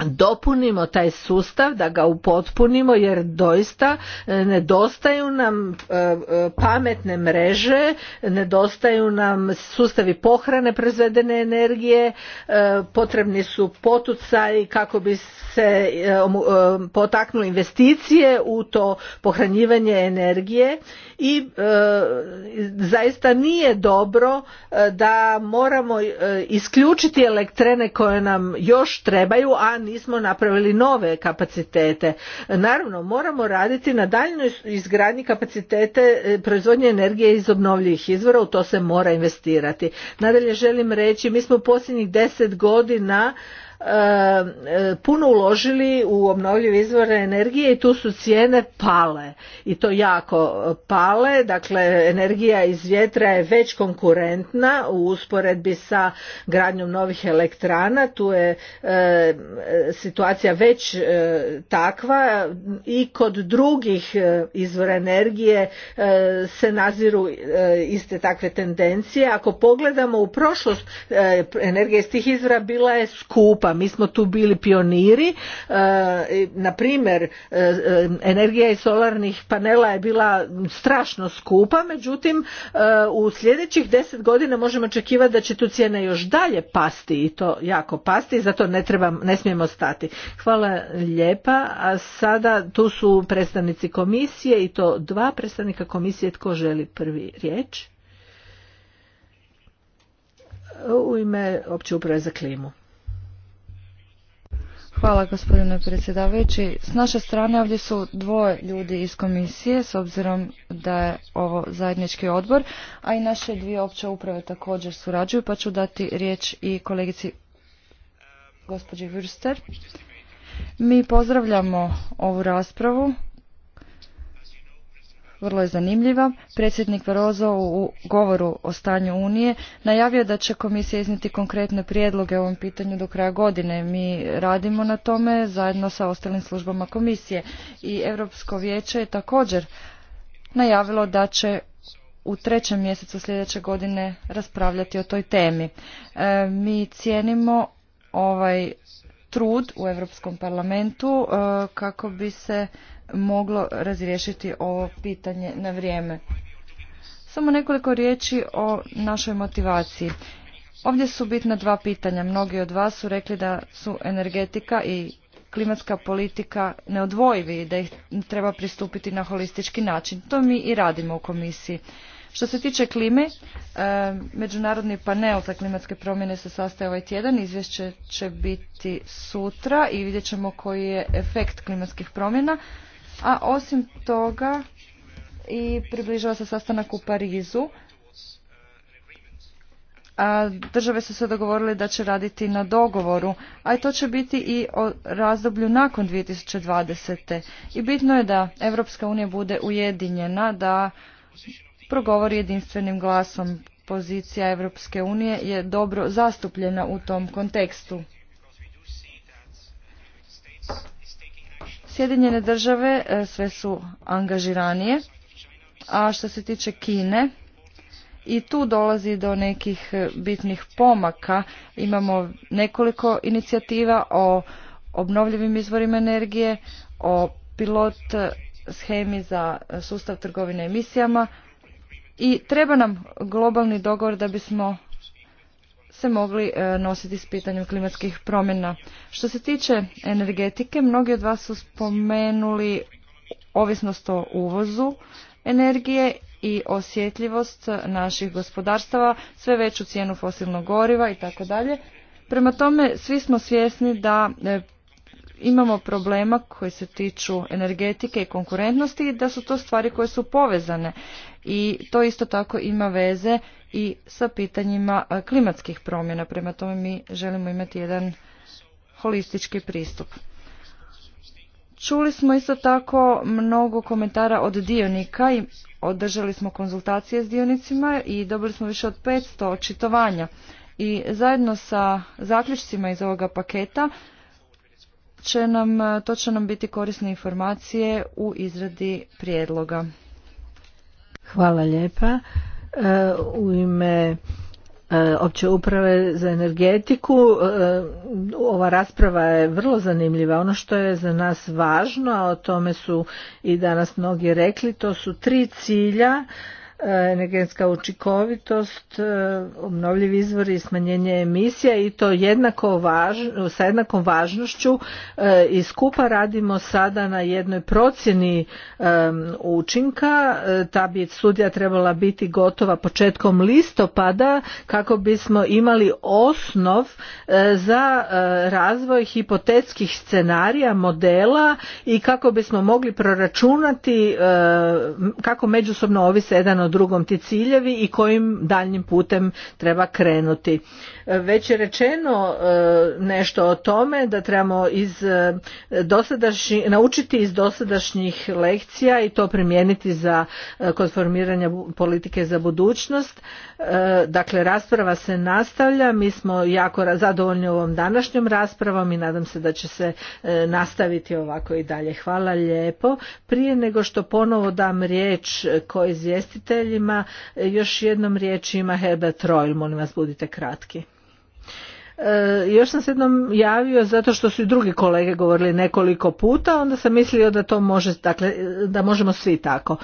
dopunimo taj sustav, da ga upotpunimo jer doista e, nedostaju nam e, e, pametne mreže, nedostaju nam sustavi pohrane proizvedene energije, potrebni su poticaji kako bi se potaknule investicije u to pohranjivanje energije i e, zaista nije dobro e, da moramo e, isključiti elektrene koje nam još trebaju, a nismo napravili nove kapacitete. Naravno, moramo raditi na daljnoj izgradnji kapacitete proizvodnje energije iz obnovljivih izvora, u to se mora investirati. Nadalje želim reći, mi smo u posljednjih deset godina E, puno uložili u obnovljive izvore energije i tu su cijene pale i to jako pale, dakle energija iz vjetra je već konkurentna u usporedbi sa gradnjom novih elektrana, tu je e, situacija već e, takva i kod drugih izvora energije se naziru iste takve tendencije. Ako pogledamo u prošlost energija iz tih izvora bila je skupa Europa. Mi smo tu bili pioniri, e, na primjer e, e, energija iz solarnih panela je bila strašno skupa, međutim u sljedećih deset godina možemo očekivati da će tu cijena još dalje pasti i to jako pasti i zato ne, treba, ne smijemo stati. Hvala lijepa, a sada tu su predstavnici komisije i to dva predstavnika komisije, tko želi prvi riječ? u ime opće uprave za klimu. Hvala gospodine predsjedavajući. S naše strane ovdje su dvoje ljudi iz komisije s obzirom da je ovo zajednički odbor, a i naše dvije opće uprave također surađuju pa ću dati riječ i kolegici gospođi Würster. Mi pozdravljamo ovu raspravu vrlo je zanimljiva. Predsjednik Barroso u govoru o stanju Unije najavio da će komisija izniti konkretne prijedloge o ovom pitanju do kraja godine. Mi radimo na tome zajedno sa ostalim službama komisije i Europsko vijeće je također najavilo da će u trećem mjesecu sljedeće godine raspravljati o toj temi. E, mi cijenimo ovaj trud u Europskom parlamentu e, kako bi se moglo razriješiti ovo pitanje na vrijeme. Samo nekoliko riječi o našoj motivaciji. Ovdje su bitna dva pitanja. Mnogi od vas su rekli da su energetika i klimatska politika neodvojivi i da ih treba pristupiti na holistički način. To mi i radimo u komisiji. Što se tiče klime, e, Međunarodni panel za klimatske promjene se sastaje ovaj tjedan, izvješće će biti sutra i vidjet ćemo koji je efekt klimatskih promjena a osim toga i približava se sastanak u Parizu. A države su se dogovorile da će raditi na dogovoru, a to će biti i o razdoblju nakon 2020. I bitno je da Europska unija bude ujedinjena, da progovori jedinstvenim glasom. Pozicija Europske unije je dobro zastupljena u tom kontekstu. Sjedinjene države e, sve su angažiranije, a što se tiče Kine, i tu dolazi do nekih e, bitnih pomaka. Imamo nekoliko inicijativa o obnovljivim izvorima energije, o pilot e, schemi za sustav trgovine emisijama i treba nam globalni dogovor da bismo se mogli e, nositi s pitanjem klimatskih promjena. Što se tiče energetike, mnogi od vas su spomenuli ovisnost o uvozu energije i osjetljivost naših gospodarstava, sve veću cijenu fosilnog goriva i tako dalje. Prema tome, svi smo svjesni da e, imamo problema koji se tiču energetike i konkurentnosti i da su to stvari koje su povezane i to isto tako ima veze i sa pitanjima klimatskih promjena prema tome mi želimo imati jedan holistički pristup Čuli smo isto tako mnogo komentara od dionika i održali smo konzultacije s dionicima i dobili smo više od 500 očitovanja. I zajedno sa zaključcima iz ovoga paketa će nam, e, to će nam biti korisne informacije u izradi prijedloga. Hvala lijepa. E, u ime e, opće uprave za energetiku. Ova rasprava je vrlo zanimljiva. Ono što je za nas važno, a o tome su i danas mnogi rekli, to su tri cilja E, energetska učinkovitost, e, obnovljivi izvori i smanjenje emisija i to jednako važno, sa jednakom važnošću e, i skupa radimo sada na jednoj procjeni učinka. Ta bi studija trebala biti gotova početkom listopada kako bismo imali osnov za razvoj hipotetskih scenarija, modela i kako bismo mogli proračunati kako međusobno ovise jedan od drugom ti ciljevi i kojim daljnjim putem treba krenuti već je rečeno e, nešto o tome da trebamo iz e, naučiti iz dosadašnjih lekcija i to primijeniti za e, kod formiranja politike za budućnost. Dakle, rasprava se nastavlja, mi smo jako zadovoljni ovom današnjom raspravom i nadam se da će se nastaviti ovako i dalje. Hvala lijepo. Prije nego što ponovo dam riječ ko izvjestiteljima, još jednom riječ ima Herbert Royl, molim vas budite kratki. E, još sam se jednom javio zato što su i drugi kolege govorili nekoliko puta, onda sam mislio da to može, dakle, da možemo svi tako.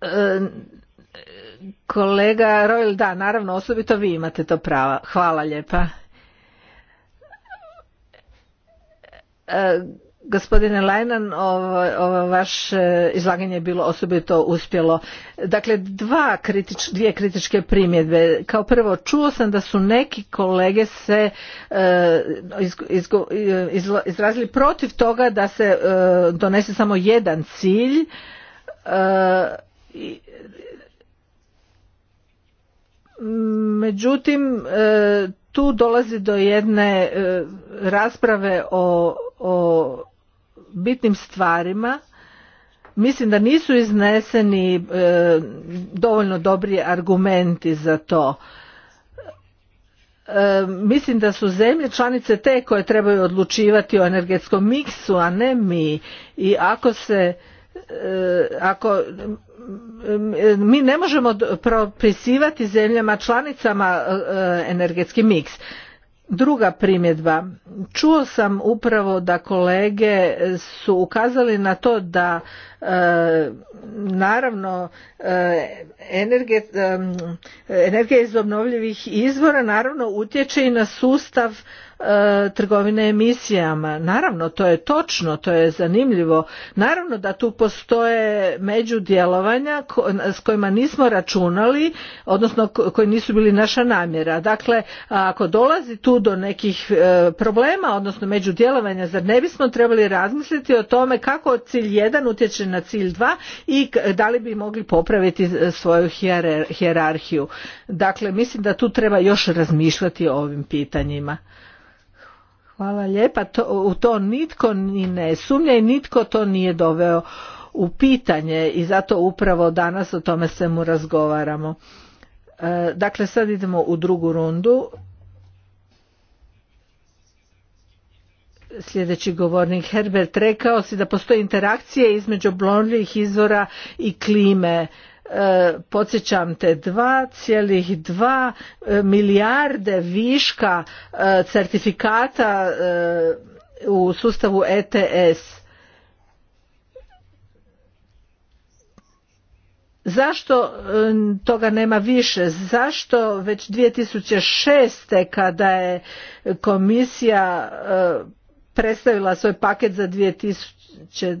E, kolega Royal, da, naravno, osobito vi imate to prava. Hvala lijepa. E, Gospodine Lajnan, ovo, vaše izlaganje je bilo osobito uspjelo. Dakle, dva kritič, dvije kritičke primjedbe. Kao prvo, čuo sam da su neki kolege se e, e, izrazili protiv toga da se e, donese samo jedan cilj međutim tu dolazi do jedne rasprave o, o bitnim stvarima mislim da nisu izneseni e, dovoljno dobri argumenti za to e, mislim da su zemlje članice te koje trebaju odlučivati o energetskom miksu a ne mi i ako se e, ako mi ne možemo propisivati zemljama članicama energetski miks Druga primjedba, čuo sam upravo da kolege su ukazali na to da e, naravno e, energe, e, energija iz obnovljivih izvora naravno utječe i na sustav E, trgovine emisijama. Naravno, to je točno, to je zanimljivo. Naravno da tu postoje međudjelovanja s kojima nismo računali, odnosno koji nisu bili naša namjera. Dakle, ako dolazi tu do nekih e, problema, odnosno međudjelovanja, zar ne bismo trebali razmisliti o tome kako cilj 1 utječe na cilj 2 i da li bi mogli popraviti svoju hijerarhiju. Dakle, mislim da tu treba još razmišljati o ovim pitanjima. Hvala lijepa. To, u to nitko ni ne sumnja i nitko to nije doveo u pitanje i zato upravo danas o tome svemu razgovaramo. E, dakle, sad idemo u drugu rundu. Sljedeći govornik Herbert rekao si da postoji interakcije između blondljih izvora i klime. E, podsjećam te 2,2 e, milijarde viška e, certifikata u sustavu ETS. Zašto toga nema više? Zašto već 2006. kada je komisija predstavila svoj paket za 2000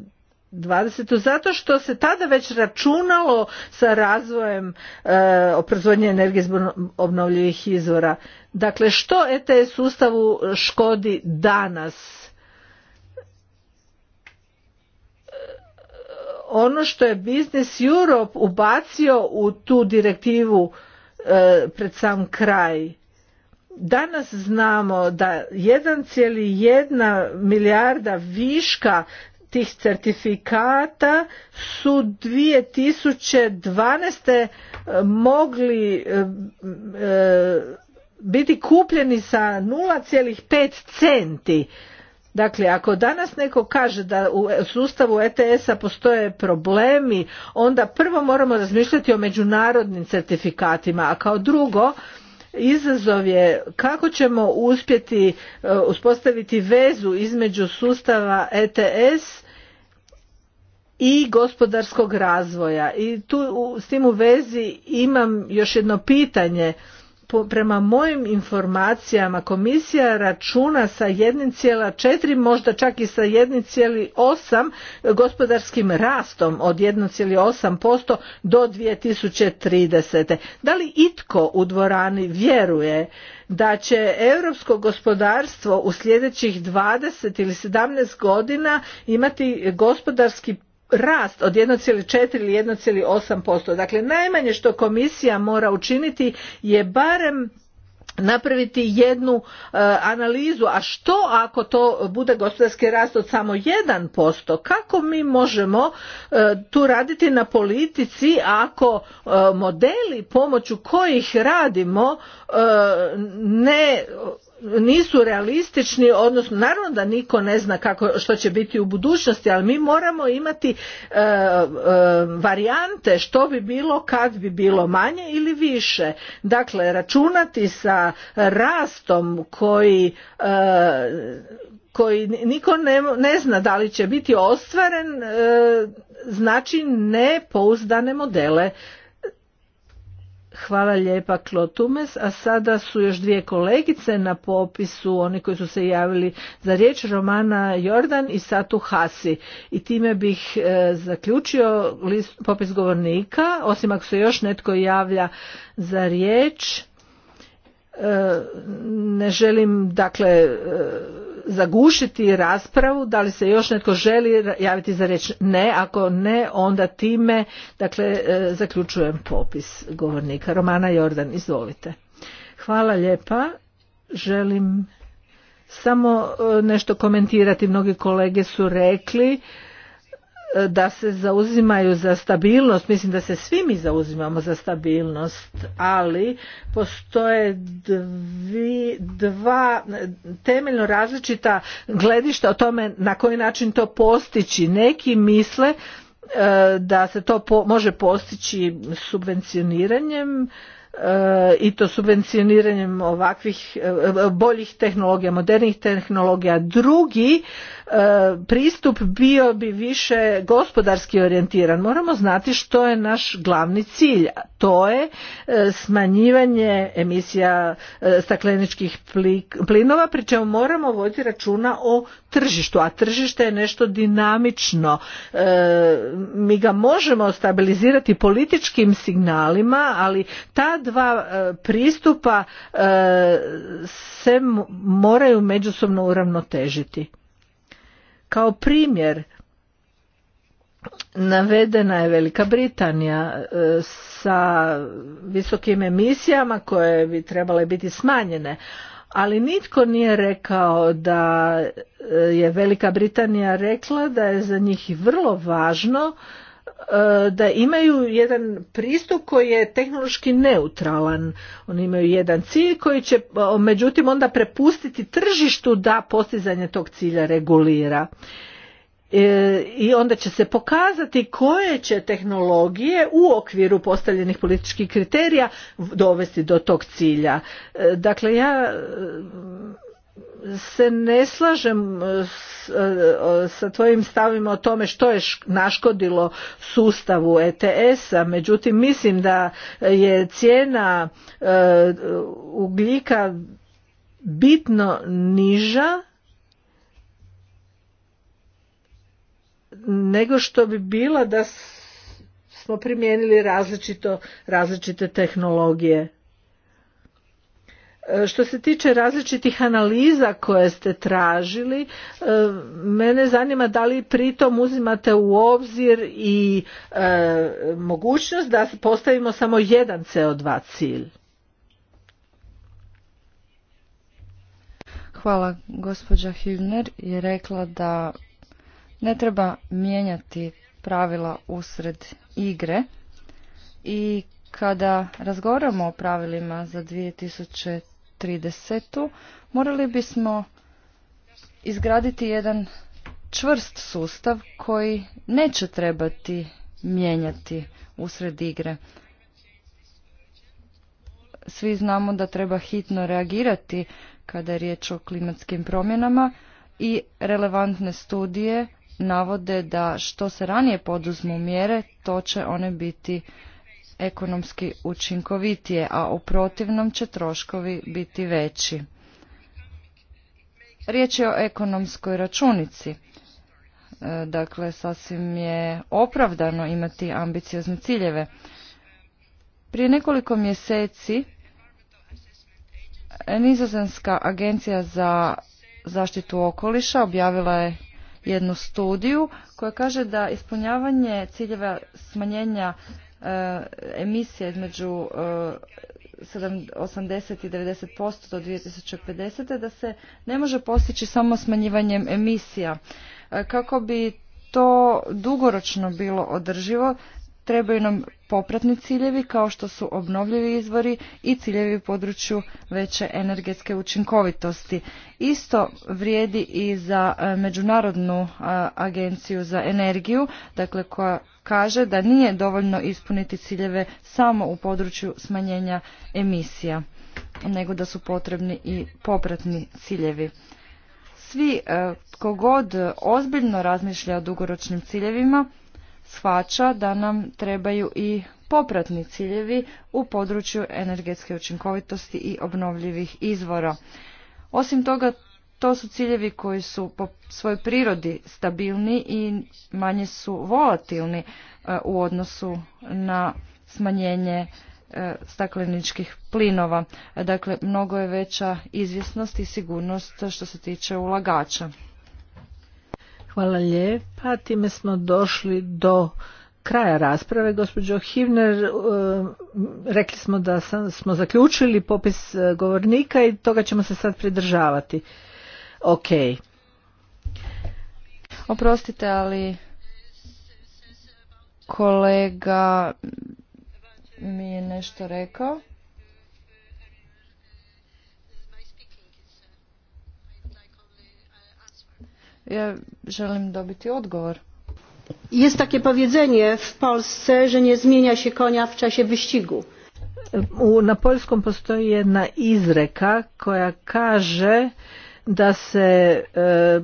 2020. zato što se tada već računalo sa razvojem e, proizvodnje energije zbog obnovljivih izvora. Dakle, što ETS sustavu škodi danas? Ono što je Business Europe ubacio u tu direktivu e, pred sam kraj, Danas znamo da 1,1 milijarda viška tih certifikata su 2012. Eh, mogli eh, eh, biti kupljeni sa 0,5 centi. Dakle, ako danas neko kaže da u sustavu ETS-a postoje problemi, onda prvo moramo razmišljati o međunarodnim certifikatima, a kao drugo, izazov je kako ćemo uspjeti uspostaviti vezu između sustava ETS i gospodarskog razvoja. I tu s tim u vezi imam još jedno pitanje. prema mojim informacijama komisija računa sa 1,4 možda čak i sa 1,8 gospodarskim rastom od 1,8% do 2030. Da li itko u dvorani vjeruje da će europsko gospodarstvo u sljedećih 20 ili 17 godina imati gospodarski rast od 1,4 ili 1,8%. Dakle, najmanje što komisija mora učiniti je barem napraviti jednu e, analizu a što ako to bude gospodarski rast od samo 1% kako mi možemo e, tu raditi na politici ako e, modeli pomoću kojih radimo ne nisu realistični odnosno naravno da niko ne zna kako, što će biti u budućnosti ali mi moramo imati e, e, varijante što bi bilo kad bi bilo manje ili više dakle računati sa rastom koji e, koji niko ne, ne zna da li će biti ostvaren znači nepouzdane modele Hvala lijepa Klotumes, a sada su još dvije kolegice na popisu, oni koji su se javili za riječ, Romana Jordan i Satu Hasi. I time bih e, zaključio list, popis govornika, osim ako se još netko javlja za riječ. E, ne želim, dakle, e, zagušiti raspravu. Da li se još netko želi javiti za reč? Ne. Ako ne, onda time dakle, e, zaključujem popis govornika. Romana Jordan, izvolite. Hvala lijepa. Želim samo e, nešto komentirati. Mnogi kolege su rekli da se zauzimaju za stabilnost, mislim da se svi mi zauzimamo za stabilnost, ali postoje dvi, dva temeljno različita gledišta o tome na koji način to postići. Neki misle e, da se to može postići subvencioniranjem E, i to subvencioniranjem ovakvih e, e, boljih tehnologija, modernih tehnologija. Drugi pristup bio bi više gospodarski orijentiran. Moramo znati što je naš glavni cilj. To je smanjivanje emisija stakleničkih plinova, pri čemu moramo voditi računa o tržištu, a tržište je nešto dinamično. Mi ga možemo stabilizirati političkim signalima, ali tad dva e, pristupa e, se moraju međusobno uravnotežiti. Kao primjer navedena je Velika Britanija e, sa visokim emisijama koje bi trebale biti smanjene, ali nitko nije rekao da je Velika Britanija rekla da je za njih vrlo važno E, da imaju jedan pristup koji je tehnološki neutralan. Oni imaju jedan cilj koji će međutim onda prepustiti tržištu da postizanje tog cilja regulira. E, I onda će se pokazati koje će tehnologije u okviru postavljenih političkih kriterija dovesti do tog cilja. E, dakle, ja se ne slažem e, e, sa tvojim stavima o tome što je naškodilo sustavu ETS-a, međutim mislim da je cijena e, ugljika bitno niža nego što bi bila da smo primijenili različite tehnologije. Što se tiče različitih analiza koje ste tražili, e, mene zanima da li pritom uzimate u obzir i e, mogućnost da postavimo samo jedan CO2 cilj. Hvala. Gospođa Hivner je rekla da ne treba mijenjati pravila usred igre i kada razgovaramo o pravilima za 2030 2030. morali bismo izgraditi jedan čvrst sustav koji neće trebati mijenjati usred igre. Svi znamo da treba hitno reagirati kada je riječ o klimatskim promjenama i relevantne studije navode da što se ranije poduzmu mjere, to će one biti ekonomski učinkovitije, a u protivnom će troškovi biti veći. Riječ je o ekonomskoj računici. E, dakle, sasvim je opravdano imati ambiciozne ciljeve. Prije nekoliko mjeseci e, Nizozemska agencija za zaštitu okoliša objavila je jednu studiju koja kaže da ispunjavanje ciljeva smanjenja Eh, emisija između 80 eh, i 90% do 2050. da se ne može postići samo smanjivanjem emisija. Eh, kako bi to dugoročno bilo održivo, Trebaju nam popratni ciljevi kao što su obnovljivi izvori i ciljevi u području veće energetske učinkovitosti. Isto vrijedi i za e, Međunarodnu agenciju za energiju, dakle koja kaže da nije dovoljno ispuniti ciljeve samo u području smanjenja emisija, nego da su potrebni i popratni ciljevi svi e, kogod ozbiljno razmišlja o dugoročnim ciljevima shvaća da nam trebaju i popratni ciljevi u području energetske učinkovitosti i obnovljivih izvora. Osim toga, to su ciljevi koji su po svojoj prirodi stabilni i manje su volatilni e, u odnosu na smanjenje e, stakleničkih plinova. Dakle, mnogo je veća izvjesnost i sigurnost što se tiče ulagača. Hvala lijepa. Time smo došli do kraja rasprave. Gospođo Hivner, e, rekli smo da smo zaključili popis e, govornika i toga ćemo se sad pridržavati. Ok. Oprostite, ali kolega mi je nešto rekao. Ja želim dobiti odgovor. Jest takie powiedzenie w Polsce, że nie zmienia się konia w czasie wyścigu. Na poljskom postoji jedna izreka koja kaže da se e,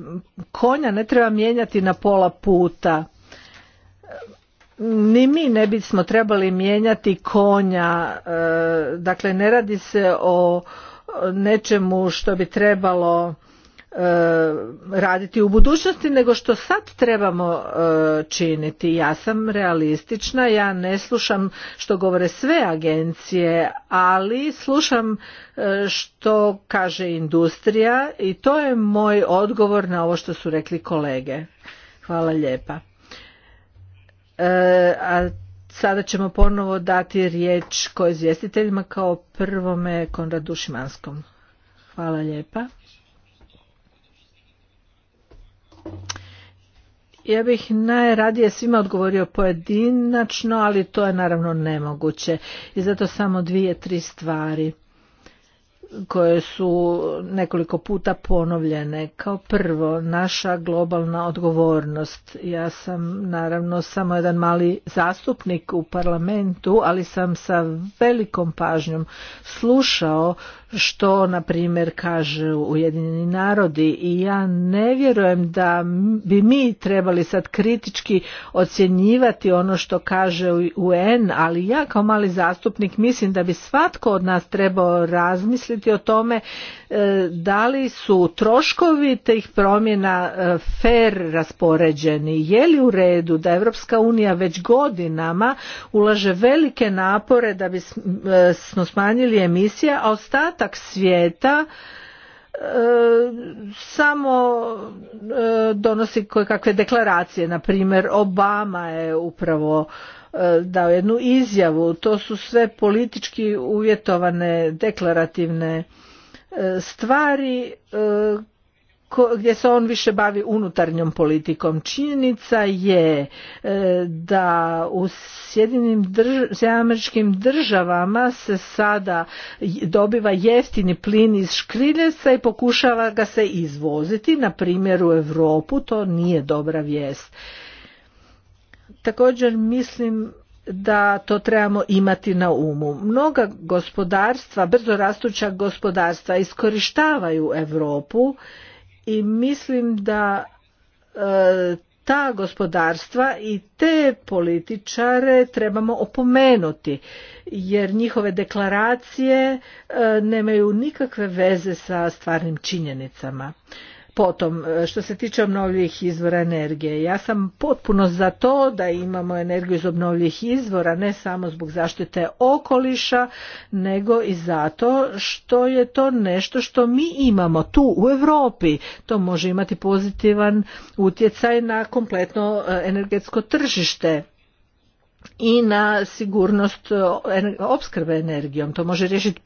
konja ne treba mijenjati na pola puta. Ni mi ne bismo trebali mijenjati konja, e, dakle ne radi se o nečemu što bi trebalo E, raditi u budućnosti nego što sad trebamo e, činiti. Ja sam realistična, ja ne slušam što govore sve agencije, ali slušam e, što kaže industrija i to je moj odgovor na ovo što su rekli kolege. Hvala lijepa. A sada ćemo ponovo dati riječ koje izvjestiteljima kao prvome Konradu Šimanskom. Hvala lijepa. Ja bih najradije svima odgovorio pojedinačno, ali to je naravno nemoguće. I zato samo dvije, tri stvari koje su nekoliko puta ponovljene. Kao prvo, naša globalna odgovornost. Ja sam naravno samo jedan mali zastupnik u parlamentu, ali sam sa velikom pažnjom slušao što na primjer kaže Ujedinjeni narodi i ja ne vjerujem da bi mi trebali sad kritički ocjenjivati ono što kaže UN, ali ja kao mali zastupnik mislim da bi svatko od nas trebao razmisliti o tome e, da li su troškovi tih promjena e, fer raspoređeni, je li u redu da Europska unija već godinama ulaže velike napore da bismo e, smanjili emisije, a ostatak ostatak svijeta e, samo e, donosi koje kakve deklaracije na primjer Obama je upravo e, dao jednu izjavu to su sve politički uvjetovane deklarativne stvari gdje se on više bavi unutarnjom politikom. Činjenica je e, da u Sjedinim američkim državama se sada dobiva jeftini plin iz škriljeca i pokušava ga se izvoziti, na primjer u Europu, to nije dobra vijest. Također mislim da to trebamo imati na umu. Mnoga gospodarstva, brzo rastuća gospodarstva iskorištavaju Europu i mislim da e, ta gospodarstva i te političare trebamo opomenuti jer njihove deklaracije e, nemaju nikakve veze sa stvarnim činjenicama. Potom, e, što se tiče obnovljivih izvora energije, ja sam potpuno za to da imamo energiju iz obnovljivih izvora, ne samo zbog zaštite okoliša, nego i zato što je to nešto što mi imamo tu u Europi. To može imati pozitivan utjecaj na kompletno e, energetsko tržište i na sigurnost e, opskrbe energijom. To može riješiti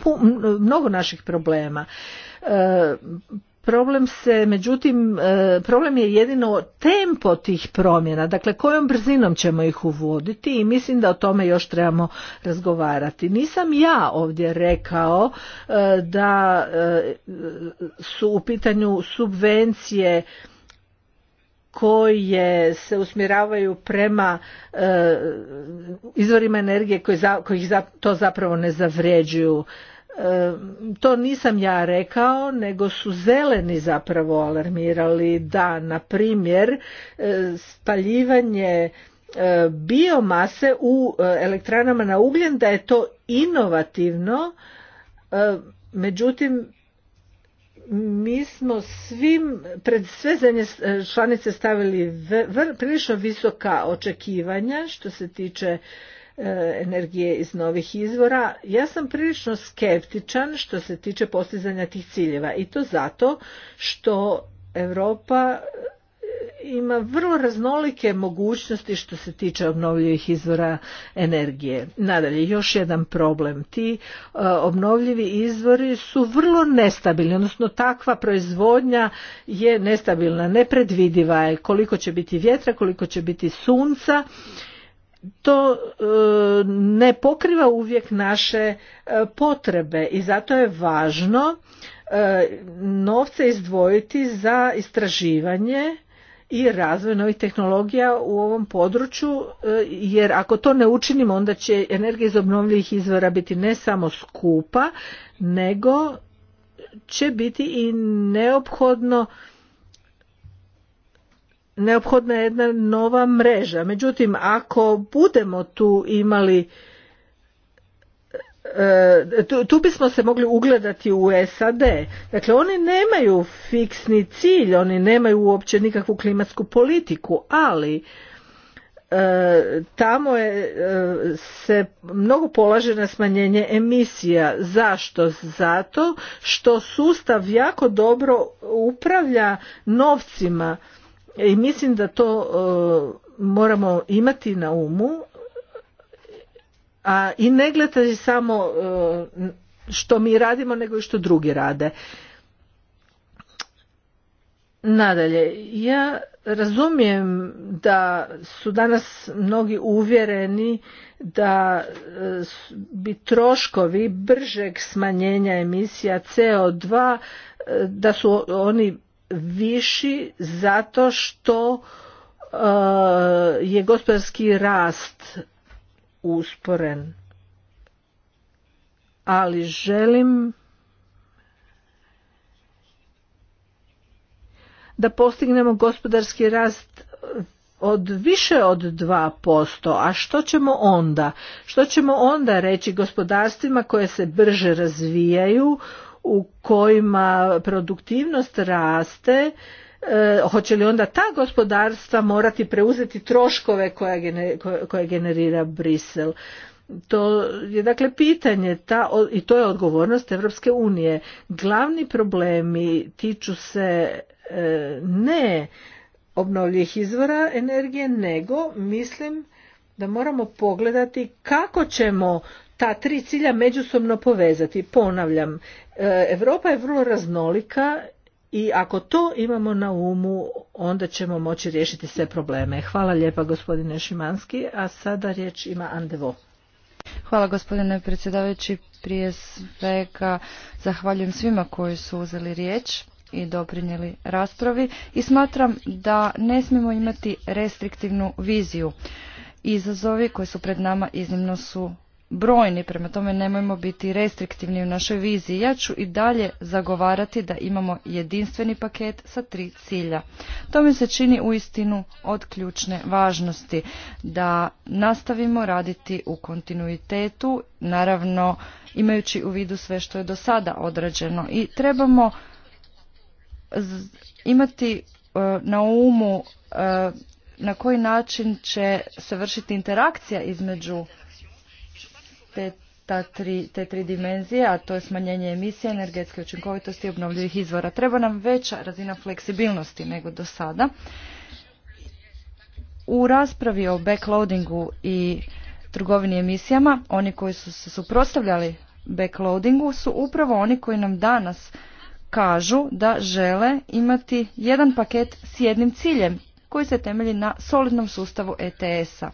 mnogo naših problema. Problem se, međutim, e, problem je jedino tempo tih promjena, dakle kojom brzinom ćemo ih uvoditi i mislim da o tome još trebamo razgovarati. Nisam ja ovdje rekao e, da e, su u pitanju subvencije koje se usmjeravaju prema izvorima energije koji to zapravo ne zavređuju to nisam ja rekao, nego su zeleni zapravo alarmirali da, na primjer, e, spaljivanje e, biomase u e, elektranama na ugljen, da je to inovativno, međutim, mi smo svim, pred sve zemlje članice stavili prilično visoka očekivanja što se tiče E, energije iz novih izvora. Ja sam prilično skeptičan što se tiče postizanja tih ciljeva i to zato što Europa e, ima vrlo raznolike mogućnosti što se tiče obnovljivih izvora energije. Nadalje, još jedan problem. Ti e, obnovljivi izvori su vrlo nestabilni, odnosno takva proizvodnja je nestabilna, nepredvidiva je koliko će biti vjetra, koliko će biti sunca to e, ne pokriva uvijek naše e, potrebe i zato je važno e, novce izdvojiti za istraživanje i razvoj novih tehnologija u ovom području jer ako to ne učinimo onda će energija iz obnovljivih izvora biti ne samo skupa nego će biti i neophodno neophodna je jedna nova mreža. Međutim, ako budemo tu imali e, tu, bismo se mogli ugledati u SAD. Dakle, oni nemaju fiksni cilj, oni nemaju uopće nikakvu klimatsku politiku, ali e, tamo je, e, se mnogo polaže na smanjenje emisija. Zašto? Zato što sustav jako dobro upravlja novcima i mislim da to e, moramo imati na umu, a i ne gledati samo e, što mi radimo, nego i što drugi rade. Nadalje, ja razumijem da su danas mnogi uvjereni da e, bi troškovi bržeg smanjenja emisija CO2 da su oni viši zato što e, je gospodarski rast usporen. Ali želim da postignemo gospodarski rast od više od 2%, a što ćemo onda? Što ćemo onda reći gospodarstvima koje se brže razvijaju, u kojima produktivnost raste e, hoće li onda ta gospodarstva morati preuzeti troškove koje generira Brisel to je dakle pitanje ta, i to je odgovornost Europske unije. Glavni problemi tiču se e, ne obnovljivih izvora energije, nego mislim da moramo pogledati kako ćemo ta tri cilja međusobno povezati. Ponavljam, Europa je vrlo raznolika i ako to imamo na umu, onda ćemo moći riješiti sve probleme. Hvala lijepa gospodine Šimanski, a sada riječ ima Andevo. Hvala gospodine predsjedavajući. Prije svega zahvaljujem svima koji su uzeli riječ i doprinijeli raspravi i smatram da ne smijemo imati restriktivnu viziju. Izazovi koji su pred nama iznimno su brojni, prema tome nemojmo biti restriktivni u našoj viziji. Ja ću i dalje zagovarati da imamo jedinstveni paket sa tri cilja. To mi se čini u istinu od ključne važnosti da nastavimo raditi u kontinuitetu, naravno imajući u vidu sve što je do sada odrađeno i trebamo imati e, na umu e, na koji način će se vršiti interakcija između te, ta tri, te tri dimenzije, a to je smanjenje emisije, energetske učinkovitosti i obnovljivih izvora. Treba nam veća razina fleksibilnosti nego do sada. U raspravi o backloadingu i trgovini emisijama, oni koji su se suprotstavljali backloadingu su upravo oni koji nam danas kažu da žele imati jedan paket s jednim ciljem koji se temelji na solidnom sustavu ETS-a.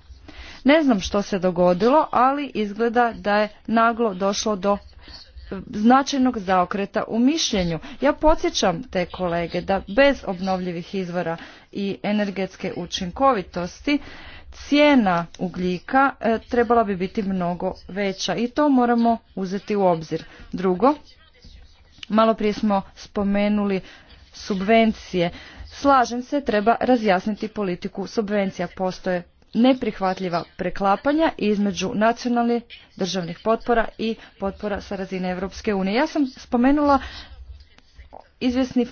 Ne znam što se dogodilo, ali izgleda da je naglo došlo do e, značajnog zaokreta u mišljenju. Ja podsjećam te kolege da bez obnovljivih izvora i energetske učinkovitosti cijena ugljika e, trebala bi biti mnogo veća i to moramo uzeti u obzir. Drugo, malo prije smo spomenuli subvencije. Slažem se, treba razjasniti politiku subvencija. Postoje neprihvatljiva preklapanja između nacionalnih državnih potpora i potpora sa razine Europske unije. Ja sam spomenula izvjesni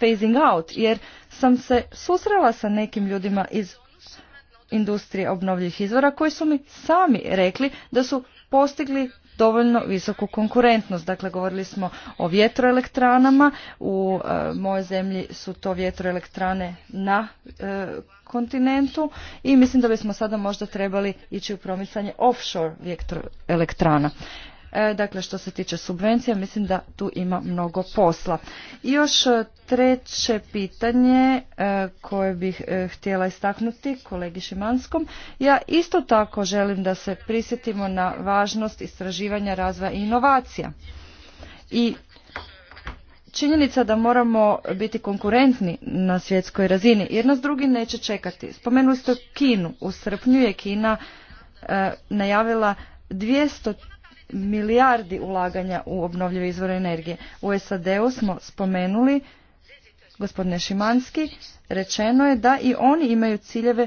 phasing out jer sam se susrela sa nekim ljudima iz industrije obnovljivih izvora koji su mi sami rekli da su postigli dovoljno visoku konkurentnost. Dakle, govorili smo o vjetroelektranama, u e, mojoj zemlji su to vjetroelektrane na e, kontinentu i mislim da bismo sada možda trebali ići u promicanje offshore vjetroelektrana. E, dakle, što se tiče subvencija, mislim da tu ima mnogo posla. I još e, treće pitanje e, koje bih htjela istaknuti kolegi Šimanskom. Ja isto tako želim da se prisjetimo na važnost istraživanja razvoja i inovacija. I činjenica da moramo biti konkurentni na svjetskoj razini jer nas drugi neće čekati. Spomenuli ste Kinu. U srpnju je Kina najavila milijardi ulaganja u obnovljive izvore energije. U SAD-u smo spomenuli, gospodine Šimanski, rečeno je da i oni imaju ciljeve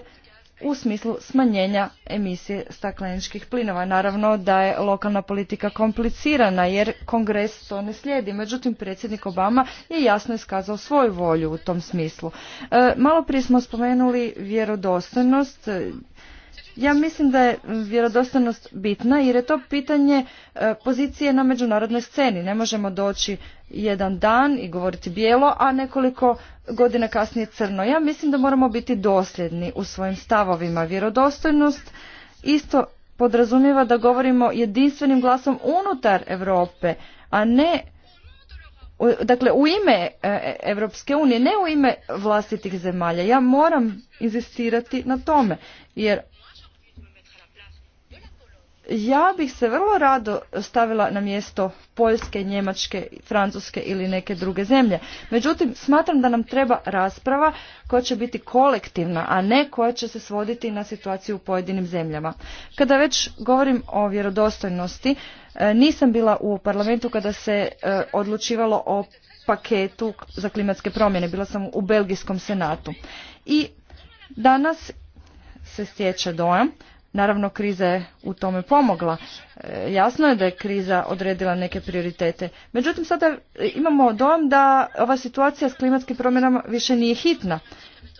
u smislu smanjenja emisije stakleničkih plinova. Naravno da je lokalna politika komplicirana jer kongres to ne slijedi. Međutim, predsjednik Obama je jasno iskazao svoju volju u tom smislu. E, malo prije smo spomenuli vjerodostojnost ja mislim da je vjerodostojnost bitna jer je to pitanje e, pozicije na međunarodnoj sceni. Ne možemo doći jedan dan i govoriti bijelo, a nekoliko godina kasnije crno. Ja mislim da moramo biti dosljedni u svojim stavovima. Vjerodostojnost isto podrazumijeva da govorimo jedinstvenim glasom unutar Europe, a ne dakle u ime Europske unije, ne u ime vlastitih zemalja. Ja moram insistirati na tome, jer ja bih se vrlo rado stavila na mjesto Poljske, Njemačke, Francuske ili neke druge zemlje. Međutim, smatram da nam treba rasprava koja će biti kolektivna, a ne koja će se svoditi na situaciju u pojedinim zemljama. Kada već govorim o vjerodostojnosti, e, nisam bila u parlamentu kada se e, odlučivalo o paketu za klimatske promjene. Bila sam u Belgijskom senatu. I danas se stječe dojam Naravno, kriza je u tome pomogla. E, jasno je da je kriza odredila neke prioritete. Međutim, sada imamo dojam da ova situacija s klimatskim promjenama više nije hitna.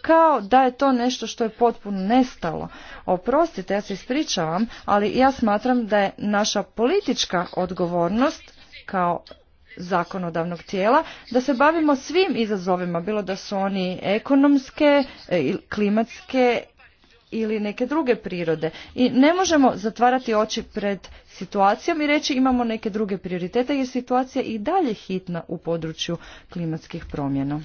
Kao da je to nešto što je potpuno nestalo. Oprostite, ja se ispričavam, ali ja smatram da je naša politička odgovornost kao zakonodavnog tijela, da se bavimo svim izazovima, bilo da su oni ekonomske, e, klimatske ili neke druge prirode. I ne možemo zatvarati oči pred situacijom i reći imamo neke druge prioritete jer situacija i dalje hitna u području klimatskih promjena.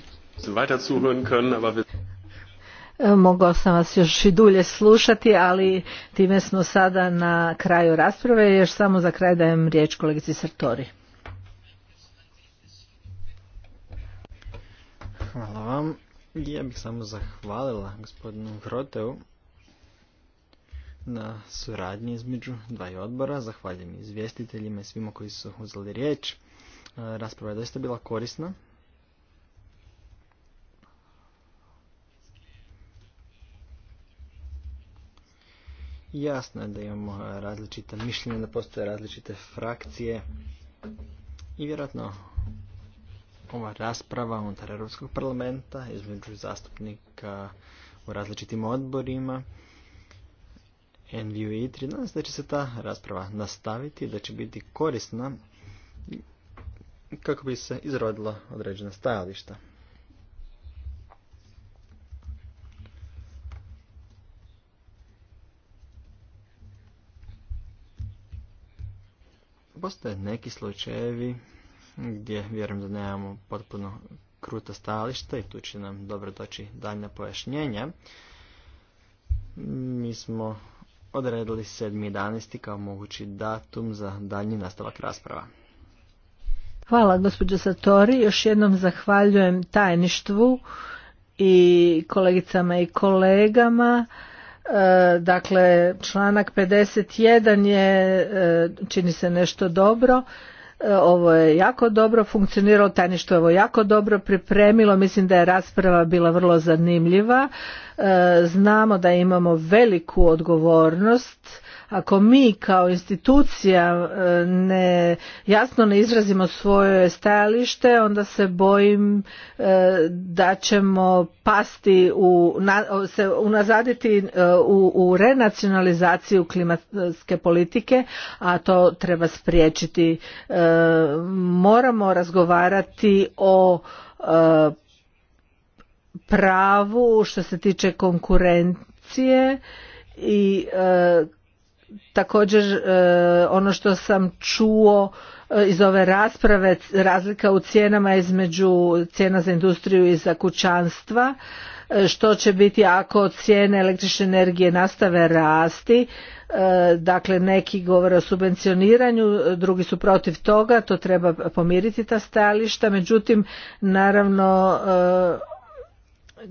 E, mogao sam vas još i dulje slušati, ali time smo sada na kraju rasprave. Još samo za kraj dajem riječ kolegici Sartori. Hvala vam. Ja bih samo zahvalila gospodinu Vroteu na suradnji između dvaju odbora. Zahvaljujem izvjestiteljima i svima koji su uzeli riječ. E, rasprava je doista bila korisna. Jasno je da imamo različita mišljenja, da postoje različite frakcije i vjerojatno ova rasprava unutar Europskog parlamenta između zastupnika u različitim odborima NVU 13, da će se ta rasprava nastaviti, da će biti korisna kako bi se izradila određena stajališta. Postoje neki slučajevi gdje vjerujem da nemamo potpuno kruta stajališta i tu će nam dobro doći daljna pojašnjenja. Mi smo odredili 7.11. kao mogući datum za daljnji nastavak rasprava. Hvala gospođo Satori, još jednom zahvaljujem tajništvu i kolegicama i kolegama. E, dakle, članak 51 je, e, čini se nešto dobro. E, ovo je jako dobro funkcioniralo, tajništvo je ovo jako dobro pripremilo, mislim da je rasprava bila vrlo zanimljiva. E, znamo da imamo veliku odgovornost ako mi kao institucija e, ne, jasno ne izrazimo svoje stajalište, onda se bojim e, da ćemo pasti, u, se unazaditi e, u, u renacionalizaciju klimatske politike, a to treba spriječiti. Moramo razgovarati o pravu što se tiče konkurencije i također e, ono što sam čuo e, iz ove rasprave razlika u cijenama između cijena za industriju i za kućanstva e, što će biti ako cijene električne energije nastave rasti dakle neki govore o subvencioniranju drugi su protiv toga to treba pomiriti ta stajališta međutim naravno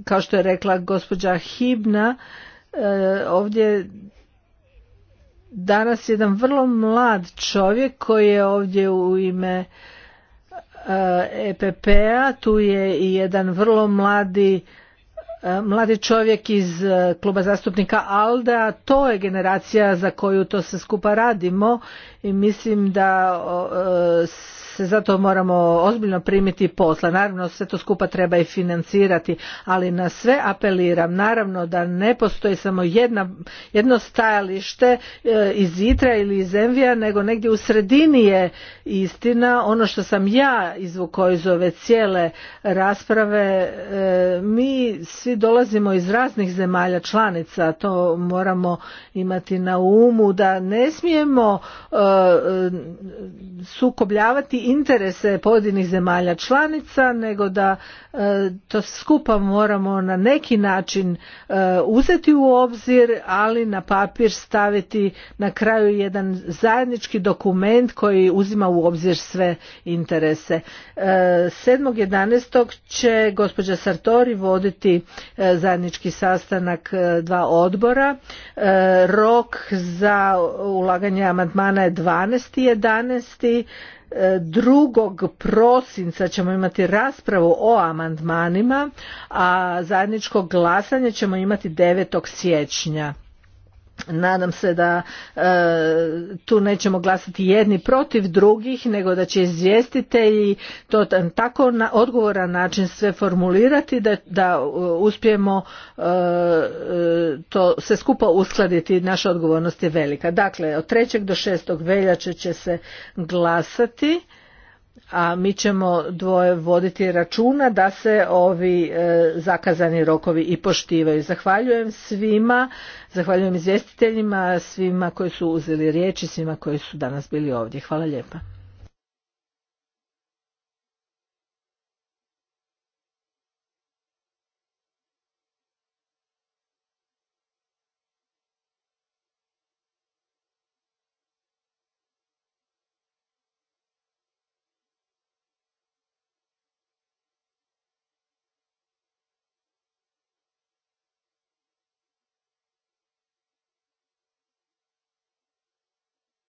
kao što je rekla gospođa Hibna ovdje danas jedan vrlo mlad čovjek koji je ovdje u ime EPP-a, e tu je i jedan vrlo mladi e, mladi čovjek iz e, kluba zastupnika Alda, to je generacija za koju to se skupa radimo i mislim da se zato moramo ozbiljno primiti posla. Naravno sve to skupa treba i financirati, ali na sve apeliram. Naravno da ne postoji samo jedna, jedno stajalište e, iz Itra ili iz Envija, nego negdje u sredini je istina. Ono što sam ja izvukao iz ove cijele rasprave, e, mi svi dolazimo iz raznih zemalja članica, to moramo imati na umu da ne smijemo e, sukobljavati interese pojedinih zemalja članica nego da e, to skupa moramo na neki način e, uzeti u obzir ali na papir staviti na kraju jedan zajednički dokument koji uzima u obzir sve interese. 7.11. E, će gospođa Sartori voditi zajednički sastanak dva odbora. Rok za ulaganje amandmana je 12.11. E, drugog prosinca ćemo imati raspravu o amandmanima, a zajedničko glasanje ćemo imati 9. siječnja nadam se da e, tu nećemo glasati jedni protiv drugih nego da će izvjestitelji to tako na odgovoran način sve formulirati da, da uspijemo e, e to se skupa uskladiti naša odgovornost je velika dakle od 3. do 6. veljače će se glasati a mi ćemo dvoje voditi računa da se ovi e, zakazani rokovi i poštivaju. Zahvaljujem svima, zahvaljujem izvjestiteljima, svima koji su uzeli riječ i svima koji su danas bili ovdje. Hvala lijepa.